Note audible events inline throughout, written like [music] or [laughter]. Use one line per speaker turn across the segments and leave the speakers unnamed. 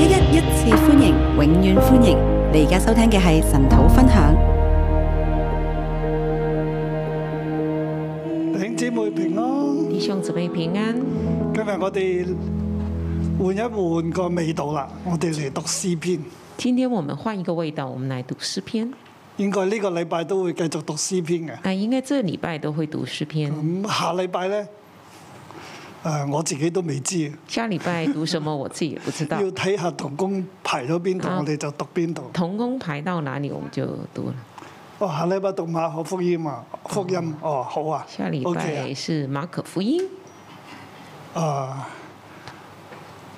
一一一次歡迎，永遠歡迎！你而家收聽嘅係神頭分享。
弟兄姊妹平安，弟兄姊妹平安。今日我哋換一換個味道啦，我哋嚟讀詩篇。今天我們換一個味道，我們來讀詩篇。應該呢個禮拜都會繼續讀詩篇嘅。啊，應該這個禮拜都會讀詩篇。咁、嗯、下禮拜咧？誒，我自己都未知。下禮拜讀什麼，我自己也不知道。 [laughs] 要睇下同工排咗邊度，我哋就讀邊度。同工排到哪裏，啊、我們就讀啦、啊。哦，下禮拜讀馬可福音啊！福音，哦，好啊。下禮拜是馬可福音。誒、哦哦啊 OK 啊啊，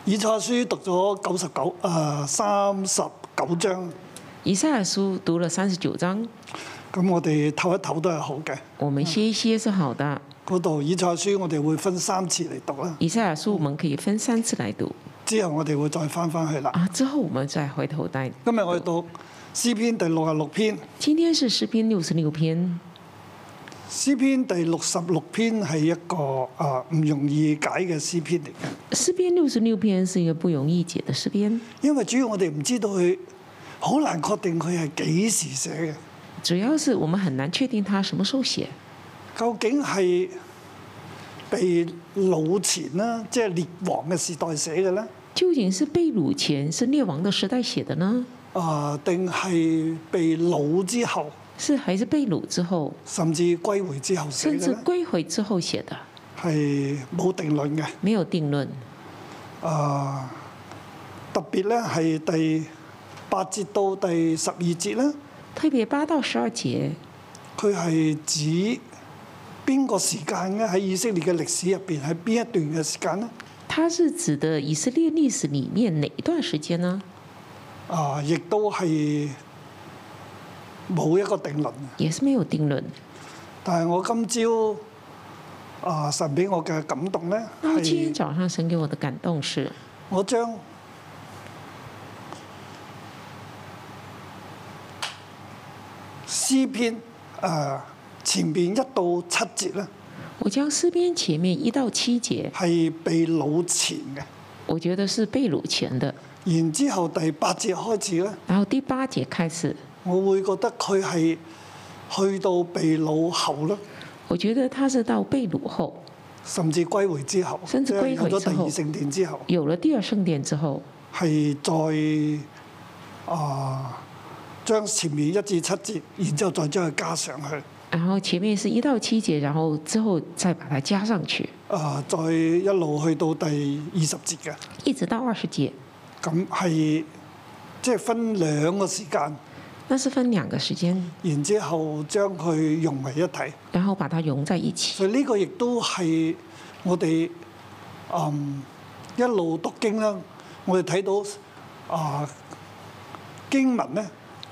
以賽書讀咗九十九誒三十九章。以賽亞書讀了三十九章。咁我哋唞一唞都係好嘅。我們歇一歇是好的。嗯嗰度《以賽書》，我哋會分三次嚟讀啦。《以賽亞書》我們可以分三次嚟讀。之後我哋會再翻翻去啦。啊，之後我哋再回頭睇。今日我哋讀詩篇第六十六篇。今天是詩篇六十六篇。詩篇第六十六篇係一個啊唔容易解嘅詩篇嚟嘅。詩篇六十六篇是一個不容易解嘅詩篇。因為主要我哋唔知道佢好難確定佢係幾時寫嘅。主要是我們很難確定他什麼時候寫。究竟係被擄前啦，即係列王嘅時代寫嘅呢？究竟是被擄前，是列王嘅時代寫嘅呢？啊，定係被擄之後？是，還是被擄之後？甚至歸回之後寫嘅？甚至歸回之後寫的？係冇定論嘅。沒有定論。啊，特別咧係第八節到第十二節啦。特別八到十二節。佢係指。邊個時間咧？喺以色列嘅歷史入邊，喺邊一段嘅時間呢？他是指的以色列歷史裡面哪一段時間呢？啊，亦都係冇一個定論。也是沒有定論。但係我今朝啊，神俾我嘅感動咧。我今天早上神俾我嘅感動是，我將詩篇啊。前面一到七節咧，我將詩篇前面一到七節係被擄前嘅，我覺得是被擄前嘅。然之後第八節開始咧，然後第八節開始，我會覺得佢係去到被擄後咯。我覺得他是到被擄後，甚至歸回之後，甚至歸回之後，有了第二聖殿之後，有了第二聖殿之後，係再啊將前面一至七節，然之後再將佢加上去。然後前面是一到七節，然後之後再把它加上去。啊，再一路去到第二十節嘅，一直到二十節。咁係即係分兩個時間。那是分兩個時間。然之後將佢融為一體，然後把它融在一起。所以呢個亦都係我哋嗯一路讀經啦，我哋睇到啊經文咧。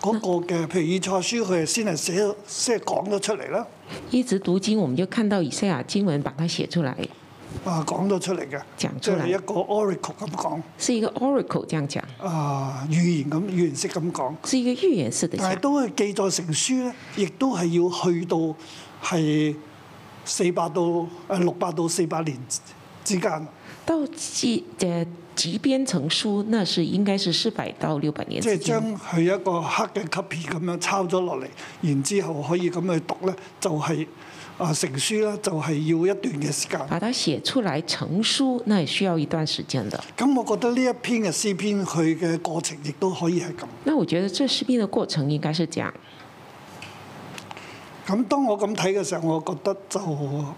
嗰、那個嘅，譬如以賽亞書，佢係先係寫，先係講咗出嚟啦。一直讀經，我們就看到以西亞經文把它寫出嚟，啊，講咗出嚟嘅，即、就、係、是、一個 oracle 咁講。是一個 oracle 這樣講。啊，預言咁，預言式咁講。是一個預言式的。但係都係記載成書咧，亦都係要去到係四百到誒六百到四百年之間。都接誒。即編成書，那是應該是四百到六百年。即係將佢一個黑嘅 copy 咁樣抄咗落嚟，然之後可以咁去讀咧，就係啊成書啦，就係要一段嘅時間。把它寫出來成書，那也需要一段時間的。咁我覺得呢一篇嘅詩篇，佢嘅過程亦都可以係咁。那我覺得這詩篇嘅過程應該是這樣。咁當我咁睇嘅時候，我覺得就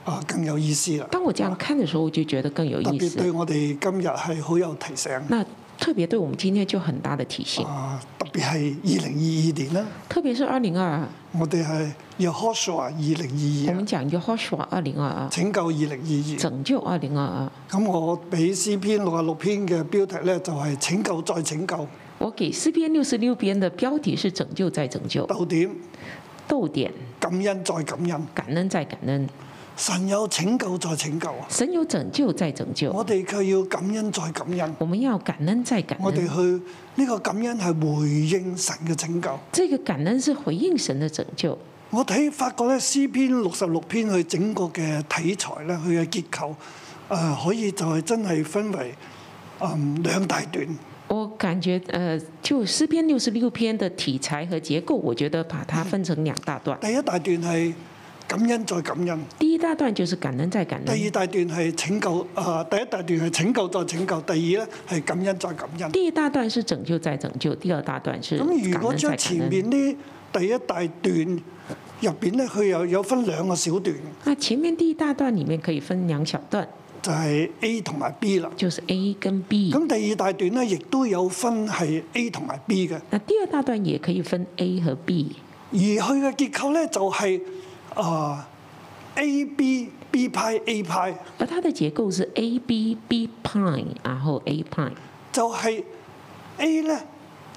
啊更有意思啦。當我這樣看嘅時候，我、啊、就覺得更有意思。特別對我哋今日係好有提醒。那特別對我們今天就很大的提醒。啊，特別係二零二二年啦。特別是二零二二。我哋係二零二二。我們講二零二二，拯救二零二二。拯救二零二二。咁我俾詩篇六十六篇嘅標題咧，就係拯救再拯救。我給詩篇六十六篇嘅標題是拯救再拯救。逗點。到點感恩再感恩，感恩再感恩，神有拯救再拯救，神有拯救再拯救。我哋佢要感恩再感恩，我們要感恩再感恩。我哋去呢、這個感恩係回應神嘅拯救，這個感恩是回應神嘅拯救。我睇發覺咧，詩篇六十六篇佢整個嘅題材咧，佢嘅結構，誒、呃，可以就係真係分為誒、呃、兩大段。我感覺，呃，就詩篇六十六篇的題材和結構，我覺得把它分成兩大段。第一大段係感恩再感恩。第一大段就是感恩再感恩。第二大段係拯救，啊、呃，第一大段係拯救再拯救，第二咧係感恩再感恩。第一大段是拯救再拯救，第二大段是感恩再感恩。咁如果將前面呢第一大段入邊咧，佢又有分兩個小段。啊，前面第一大段裏面可以分兩小段。就係 A 同埋 B 啦，就是 A 跟 B。咁第二大段咧，亦都有分係 A 同埋 B 嘅。嗱，第二大段也可以分 A 和 B。而佢嘅結構咧就係、是、啊、uh, A B B 派 A 派。嗱，它的結構是 A B B 派，然後 A 派。就係、是、A 咧。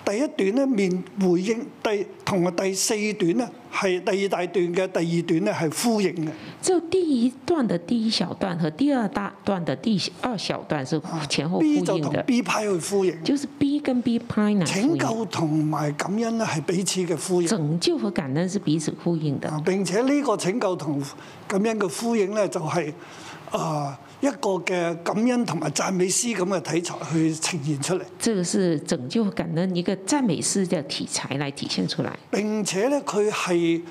第一段咧面回應，第同埋第四段咧係第二大段嘅第二段咧係呼應嘅。就第一段嘅第一小段和第二大段嘅第二小段是前後呼應嘅。B 就同 B 派去呼應。就是 B 跟 B 派呢。拯救同埋感恩咧係彼此嘅呼應。拯救和感恩是彼此呼應的。並且呢個拯救同感恩嘅呼應咧就係、是、啊。呃一個嘅感恩同埋讚美詩咁嘅題材去呈現出嚟，呢個是拯救感恩一個讚美詩嘅題材來體現出來，並且呢，佢係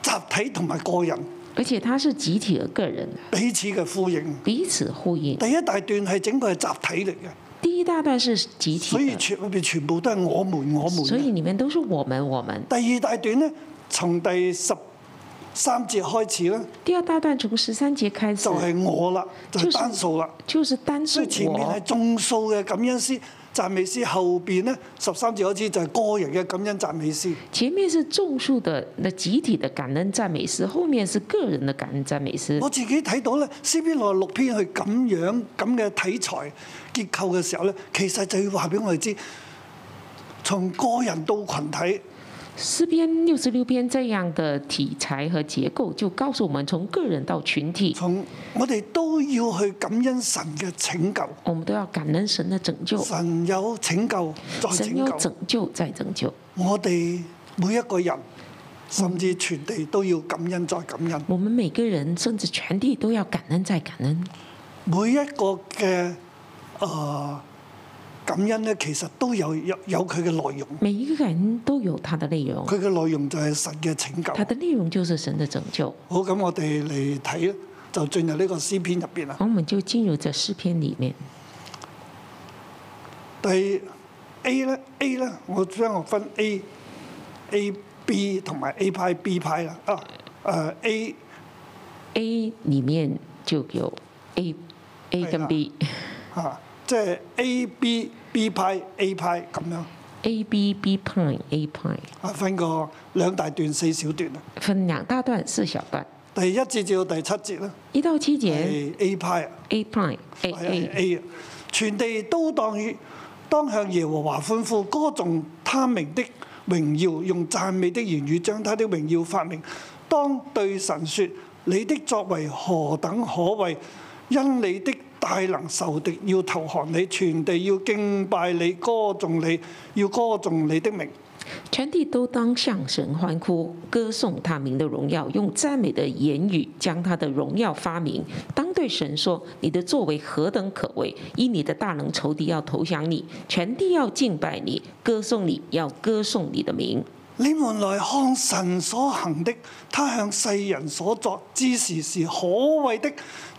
集體同埋個人，而且它是集體和個人彼此嘅呼應，彼此呼應。第一大段係整個係集體嚟嘅，第一大段是集體，所以全裏邊全部都係我們我們，所以裏面都是我們我們。第二大段呢，從第十。三節開始啦，第二大段從十三節開始。就係、是、我啦，就係單數啦。就是單數，了、就是就是單數。所以前面係眾數嘅感恩詩、讚美詩，後邊呢，十三節開始就係個人嘅感恩讚美詩。前面是眾數的，那集體的感恩讚美詩，後面是個人的感恩讚美詩。我自己睇到咧，詩篇六六篇去咁樣咁嘅體裁結構嘅時候咧，其實就要話俾我哋知，從個人到群體。詩篇六十六篇這樣的題材和結構，就告訴我們從個人到群體，從我哋都要去感恩神嘅拯救。我們都要感恩神的拯救。神有拯救再拯救，神有拯救再拯救。我哋每一個人，甚至全地都要感恩再感恩。我們每個人甚至全地都要感恩再感恩。每一個嘅，啊、呃。感恩咧，其實都有有有佢嘅內容。每一個人都有佢嘅內容。佢嘅內容就係神嘅拯救。佢嘅內容就係神嘅拯救。好，咁我哋嚟睇，就進入呢個詩篇入邊啦。我就進入咗詩篇裏面。第 A 咧，A 咧，我將我分 A, A, B, A'、啊呃、A、B 同埋 A 派 B 派啦。啊，誒 A，A 裏面就有 A、
A 跟 B。啊。
啊即、就、係、是、A B B 派 A 派咁樣。A B B 派 A 派。啊，分個兩大段四小段啊。分兩大段四小段。第一節至到第七節啦。一到七節。係 A 派。A 派。A A A。全地都當於當向耶和華歡呼，歌頌他名的榮耀，用讚美的言語將他的榮耀發明。當對神說：你的作為何等可畏！因你的大能，仇敵要投降你，全地要敬拜你，歌頌你，要歌頌你的名。全地都當向神歡呼，歌頌他名的榮耀，用讚美的言語將他的榮耀發明。當對神說：「你的作為何等可畏！因你的大能，仇敵要投降你，全地要敬拜你，歌頌你，要歌頌你的名。」你們來看神所行的，他向世人所作之事是可畏的。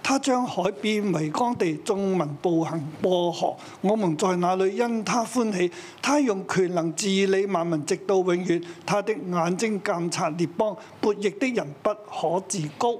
他將海變為乾地，眾民步行過河。我們在那裏因他歡喜。他用權能治理萬民，直到永遠。他的眼睛監察列邦，悖逆的人不可自高。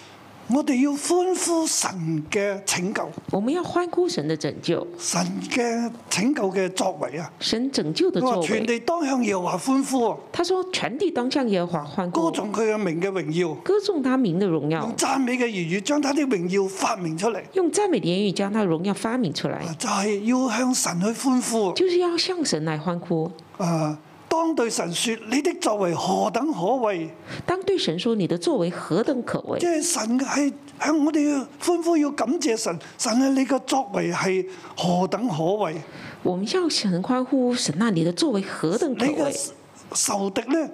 我哋要歡呼神嘅拯救，我們要歡呼神嘅拯救，神嘅拯救嘅作為啊！神拯救的作為，全地當向耶華歡呼。他說：全地當向耶華歡呼。歌頌佢嘅名嘅榮耀，歌頌他名嘅榮耀，用讚美嘅言語將他啲榮耀發明出嚟，用讚美的言語將他的榮耀發明出嚟，就係要向神去歡呼，就是要向神嚟歡呼啊！當對神說：你的作為何等可畏！當對神說：你的作為何等可畏！即係神喺向我哋要歡呼，要感謝神，神啊！你嘅作為係何等可畏！我們要向神歡呼，神啊！你的作為何等可畏？你嘅仇敵呢？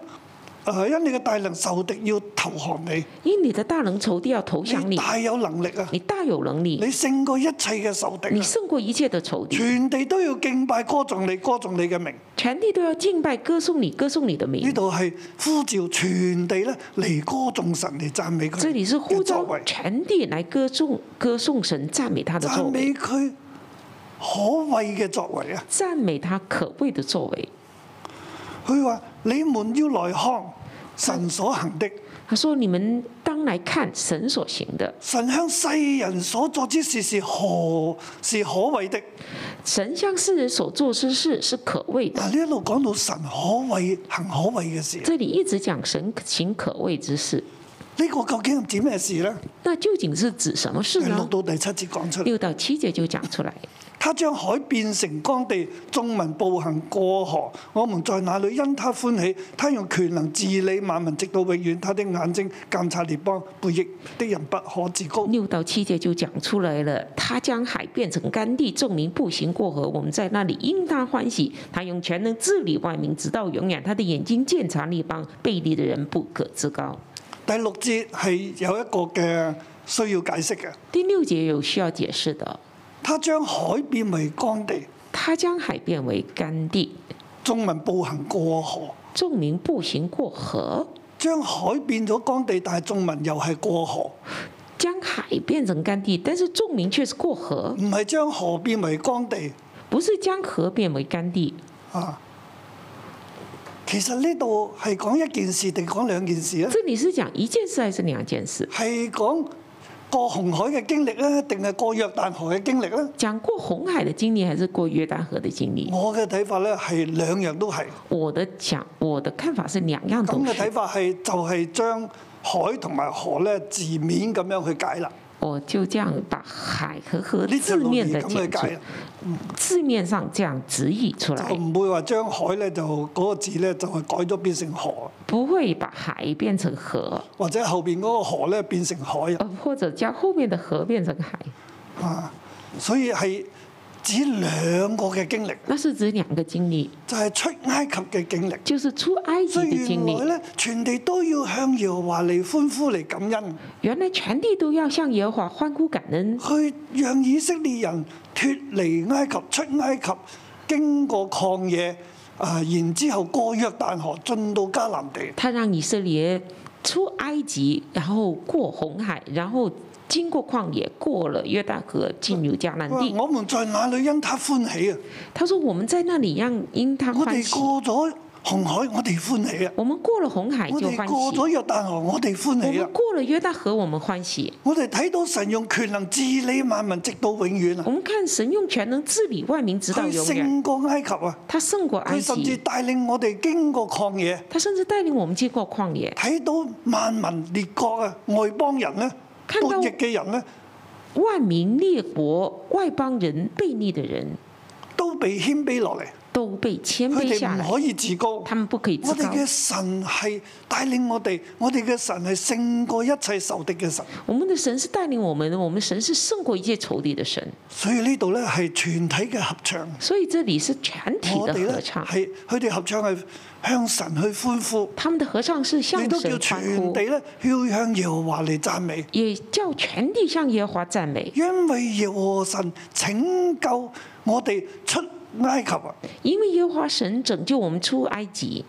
因你嘅大能仇敵要投降你，因你嘅大能仇敵要投降你，你，大有能力啊！你大有能力，你勝過一切嘅仇敵，你勝過一切嘅仇敵，全地都要敬拜歌頌你，歌頌你嘅名，全地都要敬拜歌頌你，歌頌你嘅名。呢度係呼召全地咧嚟歌頌神嚟讚美佢嘅作為，這裏是呼召全地嚟歌頌歌頌神讚美他的作為，讚美佢可畏嘅作為啊！讚美他可畏嘅作為，佢話。你們要來看神所行的，他說：你們當來看神所行的。神向世人所作之事是何是可畏的？神向世人所做之事是可畏的。嗱，呢一路講到神可畏、行可畏嘅事。這裏一直講神行可畏之事。呢、這個究竟指咩事呢？那究竟是指什麼事呢？六到第七節講出來，六到七節就講出來。他將海變成乾地，眾民步行過河。我們在那裏因他歡喜。他用權能治理萬民，直到永遠。他的眼睛監察列邦背逆的人，不可自高。六到七節就講出來了。他將海變成乾地，眾民步行過河。我們在那裏因他歡喜。他用權能治理萬民，直到永遠。他的眼睛監察列邦背逆的人，不可自高。第六節係有一個嘅需要解釋嘅。第六節有需要解釋的。他將海變為乾地，他將海變為乾地。眾民步行過河，眾民步行過河。將海變咗乾地，但係眾民又係過河。將海變成乾地，但是眾民卻是過河。唔係將河變為乾地，不是將河變為乾地。啊，其實呢度係講一件事定講兩件事咧？即你是講一件事，還是兩件事？係講。過紅海嘅經歷咧，定係過約旦河嘅經歷咧？講過紅海嘅經歷，還是過約旦河嘅經歷？我嘅睇法咧，係兩樣都係。我嘅講，我嘅看法係兩樣都。咁嘅睇法係就係、係、將海同埋河咧字面咁樣去解啦。我就這樣把海和河字面的解出、嗯，字面上這樣指譯出來。就唔會話將海咧就嗰、那個字咧就係改咗變成河。不會把海變成河，或者後邊嗰個河咧變成海、嗯。或者將後面的河變成海。啊，所以係。指兩個嘅經歷，那是指兩個經歷，就係出埃及嘅經歷，就是出埃及嘅經歷。咧、就是，全地都要向耶和華嚟歡呼嚟感恩。原來全地都要向耶和華歡呼感恩。去讓以色列人脫離埃及出埃及，經過曠野啊、呃，然之後過約旦河，進到迦南地。他讓以色列出埃及，然後過紅海，然後經過曠野，過了約旦河，進入迦南地。我，我們在哪裏因他歡喜啊？他說我們在那裏讓因他歡喜。我哋過咗紅海，我哋歡喜啊！我們過了紅海就歡喜。我哋過咗約旦河，我哋歡喜啊！過了約旦河，我們歡喜。我哋睇到神用權能治理萬民，直到永遠啊！我們看神用權能治理萬民，直到永遠。佢勝過埃及啊！佢勝過埃及。佢甚至帶領我哋經過曠野。他甚至帶領我們經過曠野。睇到萬民列國啊，外邦人啊！半億嘅人咧，萬民列國外邦人、悖逆嘅人，都被謙卑落嚟。佢哋唔可以自高，我哋嘅神係帶領我哋，我哋嘅神係勝過一切仇敵嘅神。我們嘅神是帶領我們，我們神是勝過一切仇敵嘅神。所以呢度咧係全體嘅合唱。所以這裏是全體的合唱。係佢哋合唱係向神去歡呼。他們的合唱是向神歡呼。都叫全地咧要向耶和華嚟讚美。也叫全地向耶和華讚美。因為耶和神拯救我哋出埃及啊，因為耶和華神拯救我們出埃及，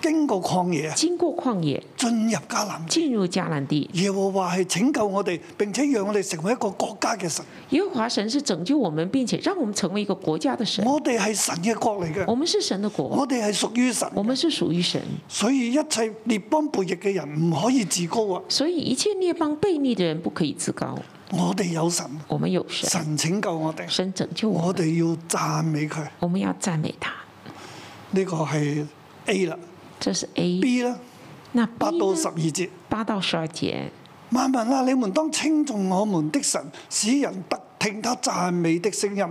經過曠野，經過曠野，進入迦南，進入迦南地。耶和華係拯救我哋，並且讓我哋成為一個國家嘅神。耶和華神是拯救我們，並且讓我們成為一個國家嘅神。我哋係神嘅國嚟嘅，我們是神的國，我哋係屬於神，我們是屬於神。所以一切列邦背逆嘅人唔可以自高啊！所以一切列邦背逆嘅人不可以自高。我哋有神，我們有神，神拯救我哋，神拯救我哋。要讚美佢，我們要讚美他。呢、這個係 A 啦，這是 A。B 咧，那八到十二節，八到十二節。萬民啊，你們當稱頌我們的神，使人得聽他讚美的聲音。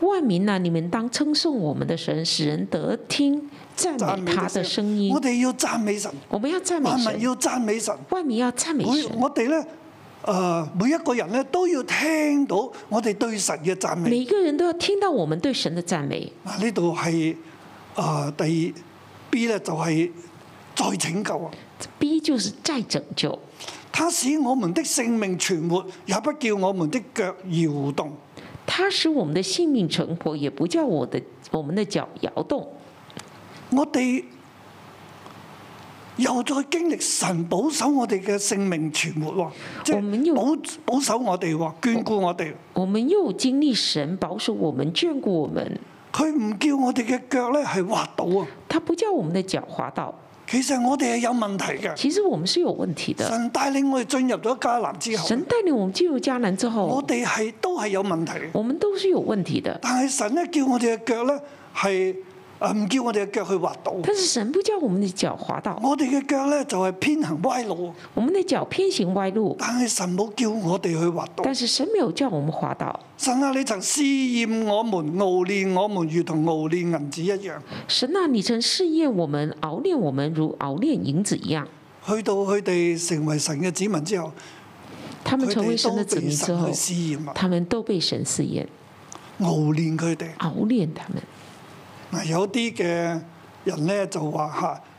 萬民啊，你們當稱頌我們的神，使人得聽讚美他的聲音。我哋要讚美神，我們要讚美神，萬民要讚美神，萬民要讚美神。我哋咧。誒、呃，每一個人咧都要聽到我哋對神嘅讚美。每一個人都要聽到我們對神嘅讚美。嗱、啊，呃 B、呢度係誒第 B 咧，就係、是、再拯救。B 就是再拯救。他使、使我們的性命存活，也不叫我們的腳搖動。他、嗯、使我們的性命存活，也不叫我的、我們的腳搖動。我、嗯、哋。又再經歷神保守我哋嘅性命存活，即係保保守我哋喎，眷顧我哋。我們又經歷神保守我們、眷顧我們，佢唔叫我哋嘅腳咧係滑倒啊！他不叫我們嘅腳滑倒。其實我哋係有問題嘅。其實我們是有問題的。神帶領我哋進入咗迦南之後，神帶領我們進入迦南之後，我哋係都係有問題。我們都是有問題的。但係神咧叫我哋嘅腳咧係。啊！唔叫我哋嘅腳去滑倒。但是神不叫我們的腳滑倒。我哋嘅腳咧就係偏行歪路。我們的腳偏行歪路。但係神冇叫我哋去滑倒。但是神沒有叫我們滑倒。神啊，你曾試驗我們熬煉我們，如同熬煉銀子一樣。神啊，你曾試驗我們熬煉我們，如熬煉銀子一樣。去到佢哋成為神嘅子民之後，
他們成為神嘅子民之後，
他們都被神試驗，熬煉佢哋，熬煉他們。嗱，有啲嘅人咧就話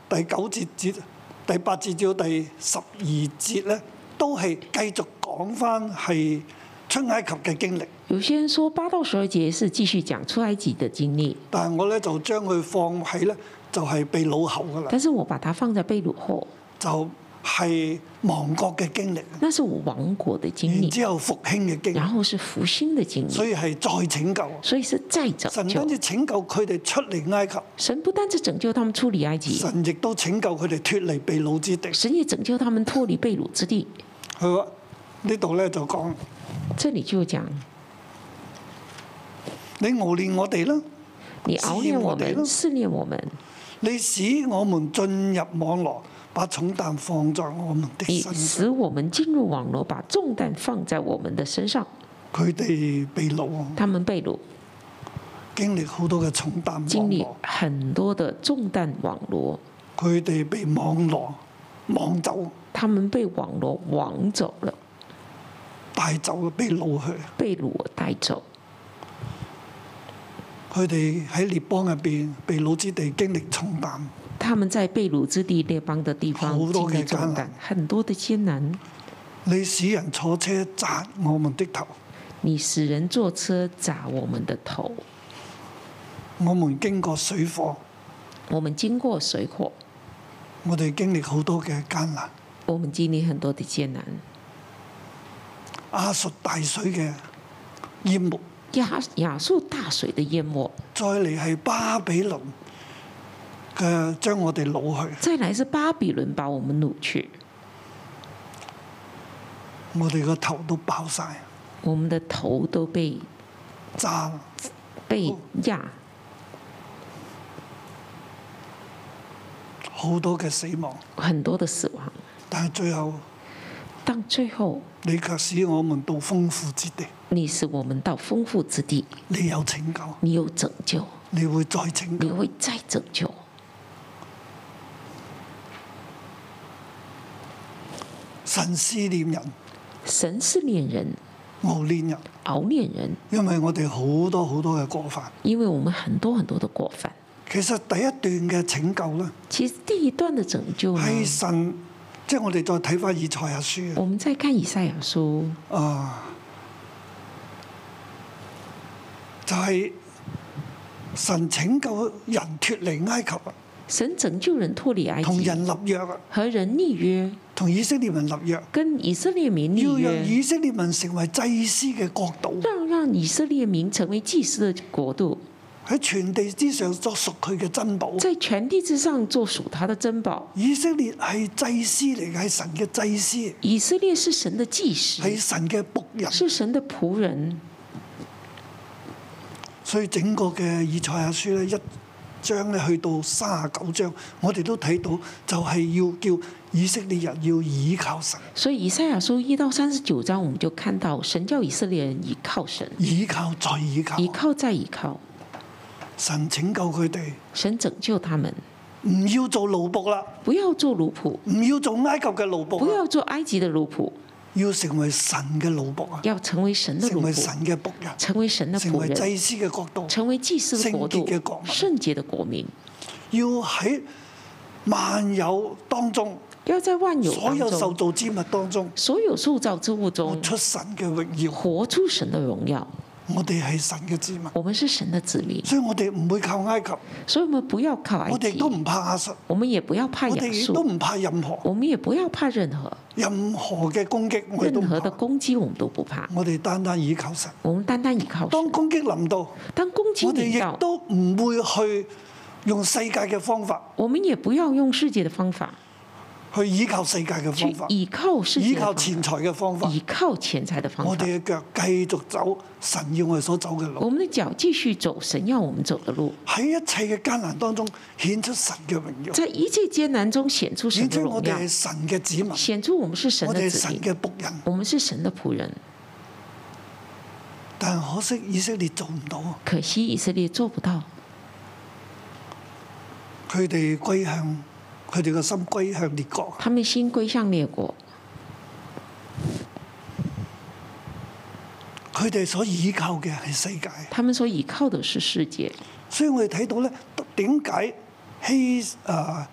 吓，第九節、節第八節到第十二節咧都係繼續講返係出埃及嘅經歷。有些人說八到十二節是繼續講出埃及嘅經歷，但係我咧就將佢放喺咧就係被擄後㗎喇。但是我把它放在被擄後就。係亡國嘅經歷，那是亡國的經歷，之後復興嘅經歷，然後是復興嘅經歷，所以係再拯救，所以是再拯救。神唔單止拯救佢哋出嚟埃及，神不單止拯救他們出嚟埃及，神亦都拯救佢哋脫離被擄之地，神亦拯救他們脫離被擄之地。係喎，呢度咧就講，這裏就講，你熬練我哋咯，你熬練我哋，試煉我們，你使我們進入網絡。把重擔放在我們的身上，以使我們進入網絡，把重擔放在我們的身上。佢哋被擄，他們被擄，經歷好多嘅重擔。經歷很多嘅重擔網絡。佢哋被網絡網走，他們被網絡網走了，帶走嘅被擄去，被擄帶走。佢哋喺列邦入邊被擄之地，經歷重擔。他們在被擄之地列邦的地方經歷艱難，很多的艱難。你使人坐車砸我們的頭。你使人坐車砸我們的頭。我們經過水火。我們經過水火。我哋經歷好多嘅艱難。我們經歷很多的艱難。亞述大水嘅淹沒，亞亞述大水的淹沒。再嚟係巴比倫。誒將我哋擄去，再嚟是巴比倫把我們擄去，我哋個頭都爆晒，我們的頭都被炸，被壓，好、哦、多嘅死亡，很多的死亡，但係最後，但最後，你卻使我們到豐富之地，你使我們到豐富之地，你有拯救，你有拯救，你會再拯救，你會再拯救。神思念人，神思念人，熬戀人，熬戀人，因為我哋好多好多嘅過犯，因為我們很多很多嘅過犯。其實第一段嘅拯救呢，其實第一段嘅拯救咧，係神，嗯、即係我哋再睇翻以賽亞書，我們再看以賽亞書啊，就係、是、神拯救人脫離埃及。神拯救人脱離埃及，同人立約，和人立約，同以色列民立約，跟以色列民立約，要讓以色列民成為祭司嘅國度，要讓以色列民成為祭司嘅國度，喺全地之上作屬佢嘅珍寶，在全地之上作屬他的珍寶。以色列係祭司嚟嘅，係神嘅祭司。以色列是神嘅祭司，係神嘅僕人，是神嘅僕人。所以整個嘅以賽亞書咧一。章咧去到三十九章，我哋都睇到就係要叫以色列人要倚靠神。所以以賽亞書一到三十九章，我們就看到神叫以色列人倚靠神。倚靠再倚靠。倚靠再倚靠。神拯救佢哋。神拯救他們。唔要做奴僕啦。不要做奴僕。唔要做埃及嘅奴僕。不要做埃及嘅奴僕。要成為神嘅奴僕啊！要成為神嘅奴僕，成為神嘅僕人，成為神嘅僕人，成為祭司嘅國度，成為祭司嘅國度，聖潔嘅國民，聖潔的國民。要喺萬有當中，要在萬有所有受造之物當中，所有塑造之物中，活出神嘅榮耀，活出神嘅榮耀。我哋係神嘅子民，我們是神的子民，所以我哋唔會靠埃及，所以我們不要靠埃及。我哋都唔怕亞述，我們也不要怕亞述，都唔怕任何，我們也不要怕任何任何嘅攻擊，任何的攻擊我，我們都不怕。我哋單單依靠神，我們單單依靠神。當攻擊臨到，當攻擊臨到，我哋亦都唔會去用世界嘅方法，我們也不要用世界的方法。去依靠世界嘅方法，依靠世界嘅方法，依靠錢財嘅方法，依靠錢財嘅方法。我哋嘅腳繼續走神要我哋所走嘅路。我哋嘅腳繼續走神要我哋走嘅路。喺一切嘅艱難當中顯出神嘅榮耀。在一切艱難中顯出神嘅榮耀。顯出我哋係神嘅子民。顯出我們是神的子民。我哋係神嘅僕人。我們是神的僕人。但係可惜以色列做唔到啊！可惜以色列做不到。佢哋歸向。佢哋個心歸向列國，佢哋先歸向列國。佢哋所倚靠嘅係世界，佢哋所倚靠嘅係世界。所以我哋睇到咧，點解希啊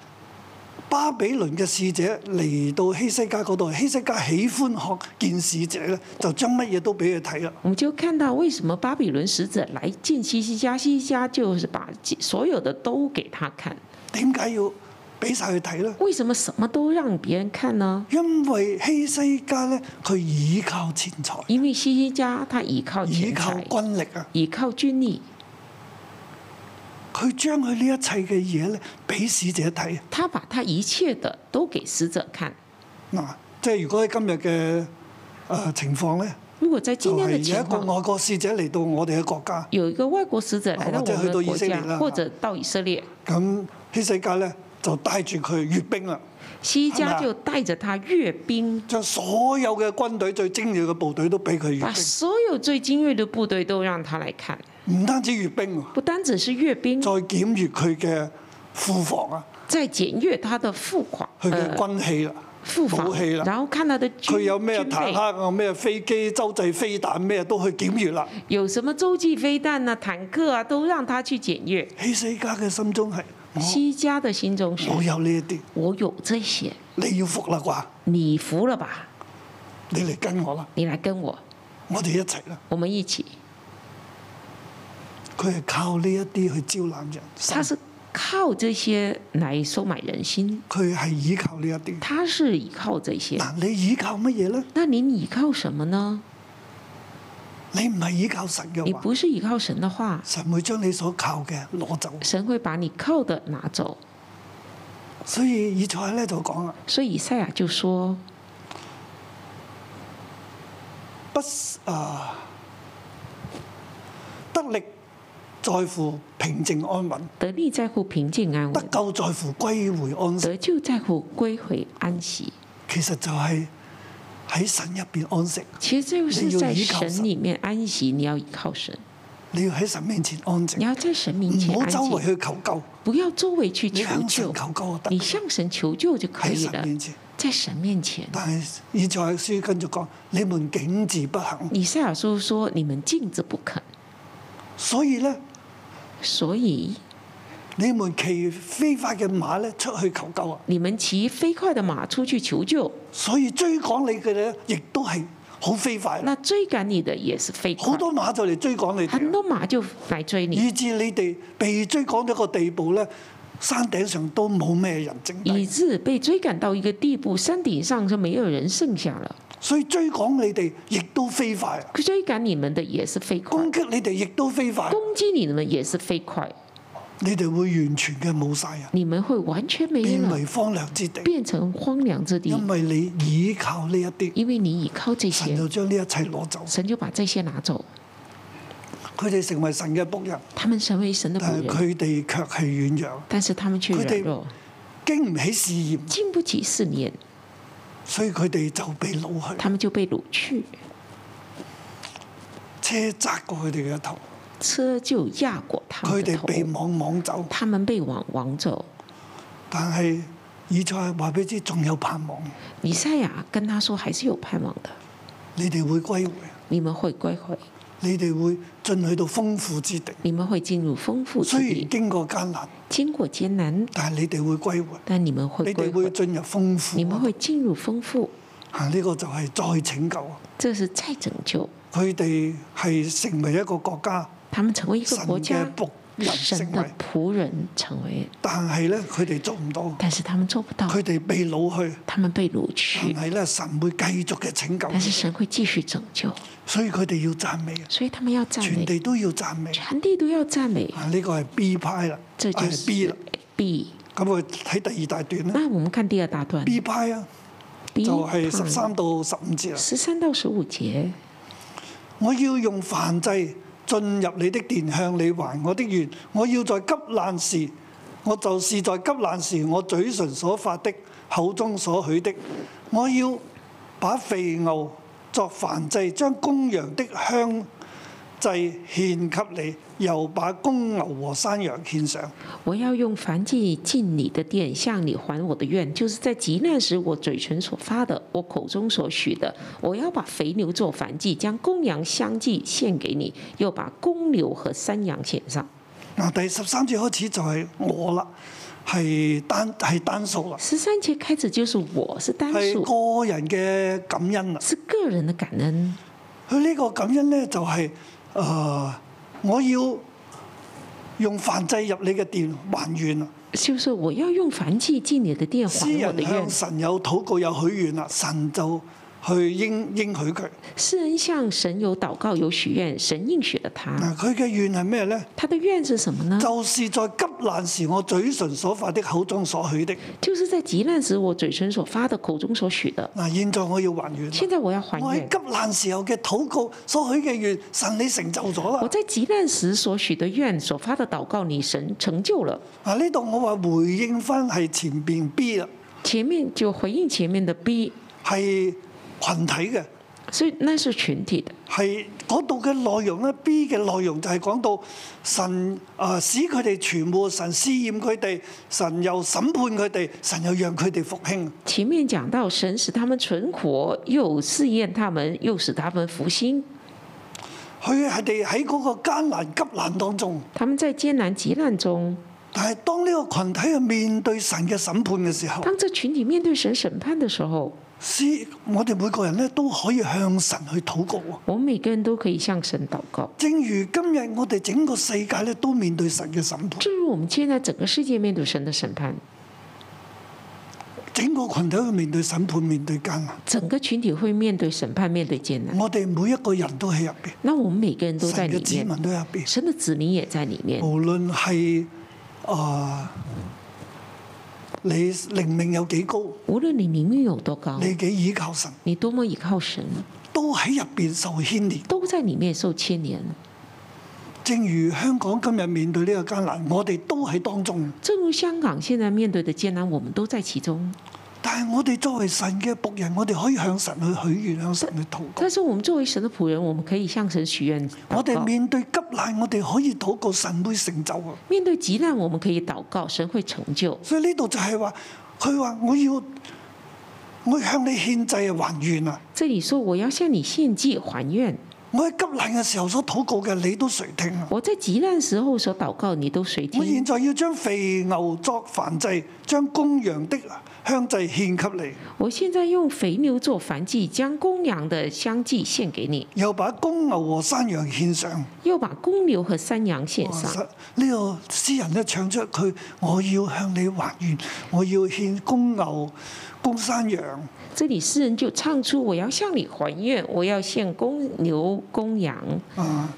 巴比倫嘅使者嚟到希西家嗰度，希西家喜歡學見使者咧，就將乜嘢都俾佢睇啦。我就看到為什麼巴比倫使者來見希西家，希西家就是把所有的都給他看。點解要？俾晒佢睇啦，為什麼什麼都讓別人看呢？因為希西家咧，佢倚靠錢財靠。因為希西家他倚靠倚靠軍力啊，倚靠軍力。佢將佢呢一切嘅嘢咧，俾使者睇。他把他一切嘅都給使者看。嗱，即係如果喺今日嘅啊情況咧，如果在今天嘅情況，就是、有一個外國使者嚟到我哋嘅國家，有一個外國使者嚟到，即係去到以色列啦，或者到以色列。咁、啊、希西家咧？就帶住佢閱兵啦，戚家就帶着他閱兵，將所有嘅軍隊最精銳嘅部隊都俾佢閱兵。啊，所有最精銳嘅部隊都讓他來看，唔單止閱兵，啊，不單止是閱兵，再檢閱佢嘅庫房啊，再檢閱他的庫房，佢、呃、嘅軍器啦，武器啦，然後看到的佢有咩坦克啊，咩飛機、洲際飛彈咩都去檢閱啦，有什麼洲際飛彈啊、坦克啊，都讓他去檢閱。喺戚家嘅心中係。私家的心中是，我有呢一啲，我有這些，你要服啦啩？你服了吧？你嚟跟我啦！你嚟跟我，我哋一齊啦！我們一起。佢係靠呢一啲去招攬人，他是靠這些來收買人心。佢係依靠呢一啲，他是依靠這些。嗱，你依靠乜嘢咧？那你依靠什麼呢？你唔係依靠神嘅話，你不是依靠神的話，神會將你所靠嘅攞走。神會把你靠嘅拿走。所以以賽喺呢度講啊，所以以賽亞就說：不啊，得力在乎平靜安穩，得力在乎平靜安穩，得救在乎歸回安息，得救在乎歸回安息。其實就係。安其實這個是在神裏面安息，你要依靠神。你要在神面前安靜。你要在神面前安靜。不要周圍去，去求救。你向神求救，你向神求救，你向神求救就你可以了。在神面前。在神面前。但係以賽亞書跟住講，你們竟自不肯。以賽亞書說你們竟自不肯，所以呢？所以。你們騎飛快嘅馬咧出去求救啊！你們騎飛快嘅馬出去求救，所以追趕你嘅咧亦都係好飛快。那追趕你嘅也是飛快。好多馬就嚟追趕你。很多馬就嚟追，追你。以致你哋被追趕到一個地步咧，山頂上都冇咩人剩。以致被追趕到一個地步，山頂上就沒有人剩下了。所以追趕你哋亦都飛快。佢追趕你們嘅也是飛快。攻擊你哋亦都飛快。攻擊你們也是飛快。你哋會完全嘅冇晒人，你們會完全冇人，變為荒涼之地，變成荒涼之地，因為你依靠呢一啲，因為你依靠這些，神就將呢一切攞走，神就把這些拿走，佢哋成為神嘅僕人，佢哋成為神嘅僕人，但係佢哋卻係軟弱，但是他們卻佢哋經唔起試驗，經不起試驗，所以佢哋就被擄去，他們就被擄去，車砸過佢哋嘅頭。車就壓過佢哋，佢哋被網網走，他們被網網走。但係以賽話俾知仲有盼望。以賽亞跟他說，還是有盼望的。你哋會歸回，你們會歸回。你哋會進去到豐富之地，你們會進入豐富之地。雖然經過艱難，經過艱難，但係你哋會歸回，但你們會。你哋會進入豐富，你們會進入豐富。啊，呢個就係再拯救，這是再拯救。佢哋係成為一個國家。他們成為一個國家，神的僕人成為，但係咧佢哋做唔到。但是他們做不到，佢哋被擄去，他們被擄去。但係咧神會繼續嘅拯救，但是神會繼續拯救，所以佢哋要讚美，所以他們要讚美，全地都要讚美，全地都要讚美。呢、啊這個係 B 派啦，即係 B 啦、啊，B。咁我睇第二大段啦。那我們看第二大段。B 派啊，
就係十三到
十五節啦。十三到十五節，我要用凡制。進入你的殿，向你還我的願。我要在急難時，我就是在急難時，我嘴唇所發的，口中所許的。我要把肥牛作燔祭，將公羊的香。祭、就是、獻給你，又把公牛和山羊獻上。我要用燔祭進你的殿，向你還我的願，就是在急難時我嘴唇所發的，我口中所許的。我要把肥牛做燔祭，將公羊香祭獻給你，又把公牛和山羊獻上。第十三節開始就係我啦，係單係單數啦。十三節開始就是我是單數，係個人嘅感恩啦，是個人的感恩。佢、這、呢個感恩呢，就係、是。誒、uh，我要用凡制入你嘅殿還願了。就是我要用凡制進你的殿，還願。詩人向神有禱告有許願啦，神就。去應應許佢。世人向神有禱告有許願，神應許了他。嗱，佢嘅願係咩咧？他的願是什麼呢？就是在急難時我嘴唇所發的口中所許的。就是在急難時我嘴唇所發的口中所許的。嗱，現在我要還願。現在我要還願。我喺急難時候嘅禱告所許嘅願，神你成就咗啦。我在急難時所許嘅願，所發嘅禱告，你神成就了。嗱，呢度我話回應翻係前邊 B 啦。前面就回應前面的 B 係。是群體嘅，所以那是群體嘅。係嗰度嘅內容呢 B 嘅內容就係講到神啊、呃，使佢哋全部神試驗佢哋，神又審判佢哋，神又讓佢哋復興。前面講到神使他們存活，又試驗他們，又使他們復興。佢係哋喺嗰個艱難急難當中，他們在艱難急難中。但係當呢個群體啊面對神嘅審判嘅時候，當這群體面對神審判嘅時候。是，我哋每個人咧都可以向神去禱告喎。我們每個人都可以向神禱告。正如今日我哋整個世界咧都面對神嘅審判。正如我們現在整個世界面對神的審判，整個群體會面對審判、面對艱難。整個群體會面對審判、面對艱難。我哋每一個人都喺入邊。那我們每個人都在裡面。神嘅子民都喺入邊。神嘅子民也在裡面。無論係啊，呃你靈命有幾高？無論你靈命有多高，你幾倚靠神，你多麼倚靠神，都喺入邊受牽連。都在裡面受牽連。正如香港今日面對呢個艱難，我哋都喺當中。正如香港現在面對的艱難，我們都在其中。但係我哋作為神嘅僕人，我哋可以向神去許願，向神去禱告。但是我們作為神嘅僕人，我們可以向神許願。我哋面對急難，我哋可以禱告神會成就啊！面對急難，我們可以禱告神會成就。所以呢度就係話，佢話我要，我要向你獻祭還願啊！即係你說我要向你獻祭還願。我喺急難嘅時候所禱告嘅，你都垂聽啊！我在急難時候所禱告，你都垂聽。我現在要將肥牛作燔祭，將公羊的。香祭獻給你。我現在用肥牛做燔祭，將公羊的香祭獻給你。又把公牛和山羊獻上。又把公牛和山羊獻上。呢、這個詩人一唱出佢，我要向你還願，我要獻公牛、公山羊。這裡詩人就唱出，我要向你還願，我要獻公牛、公羊。嗯。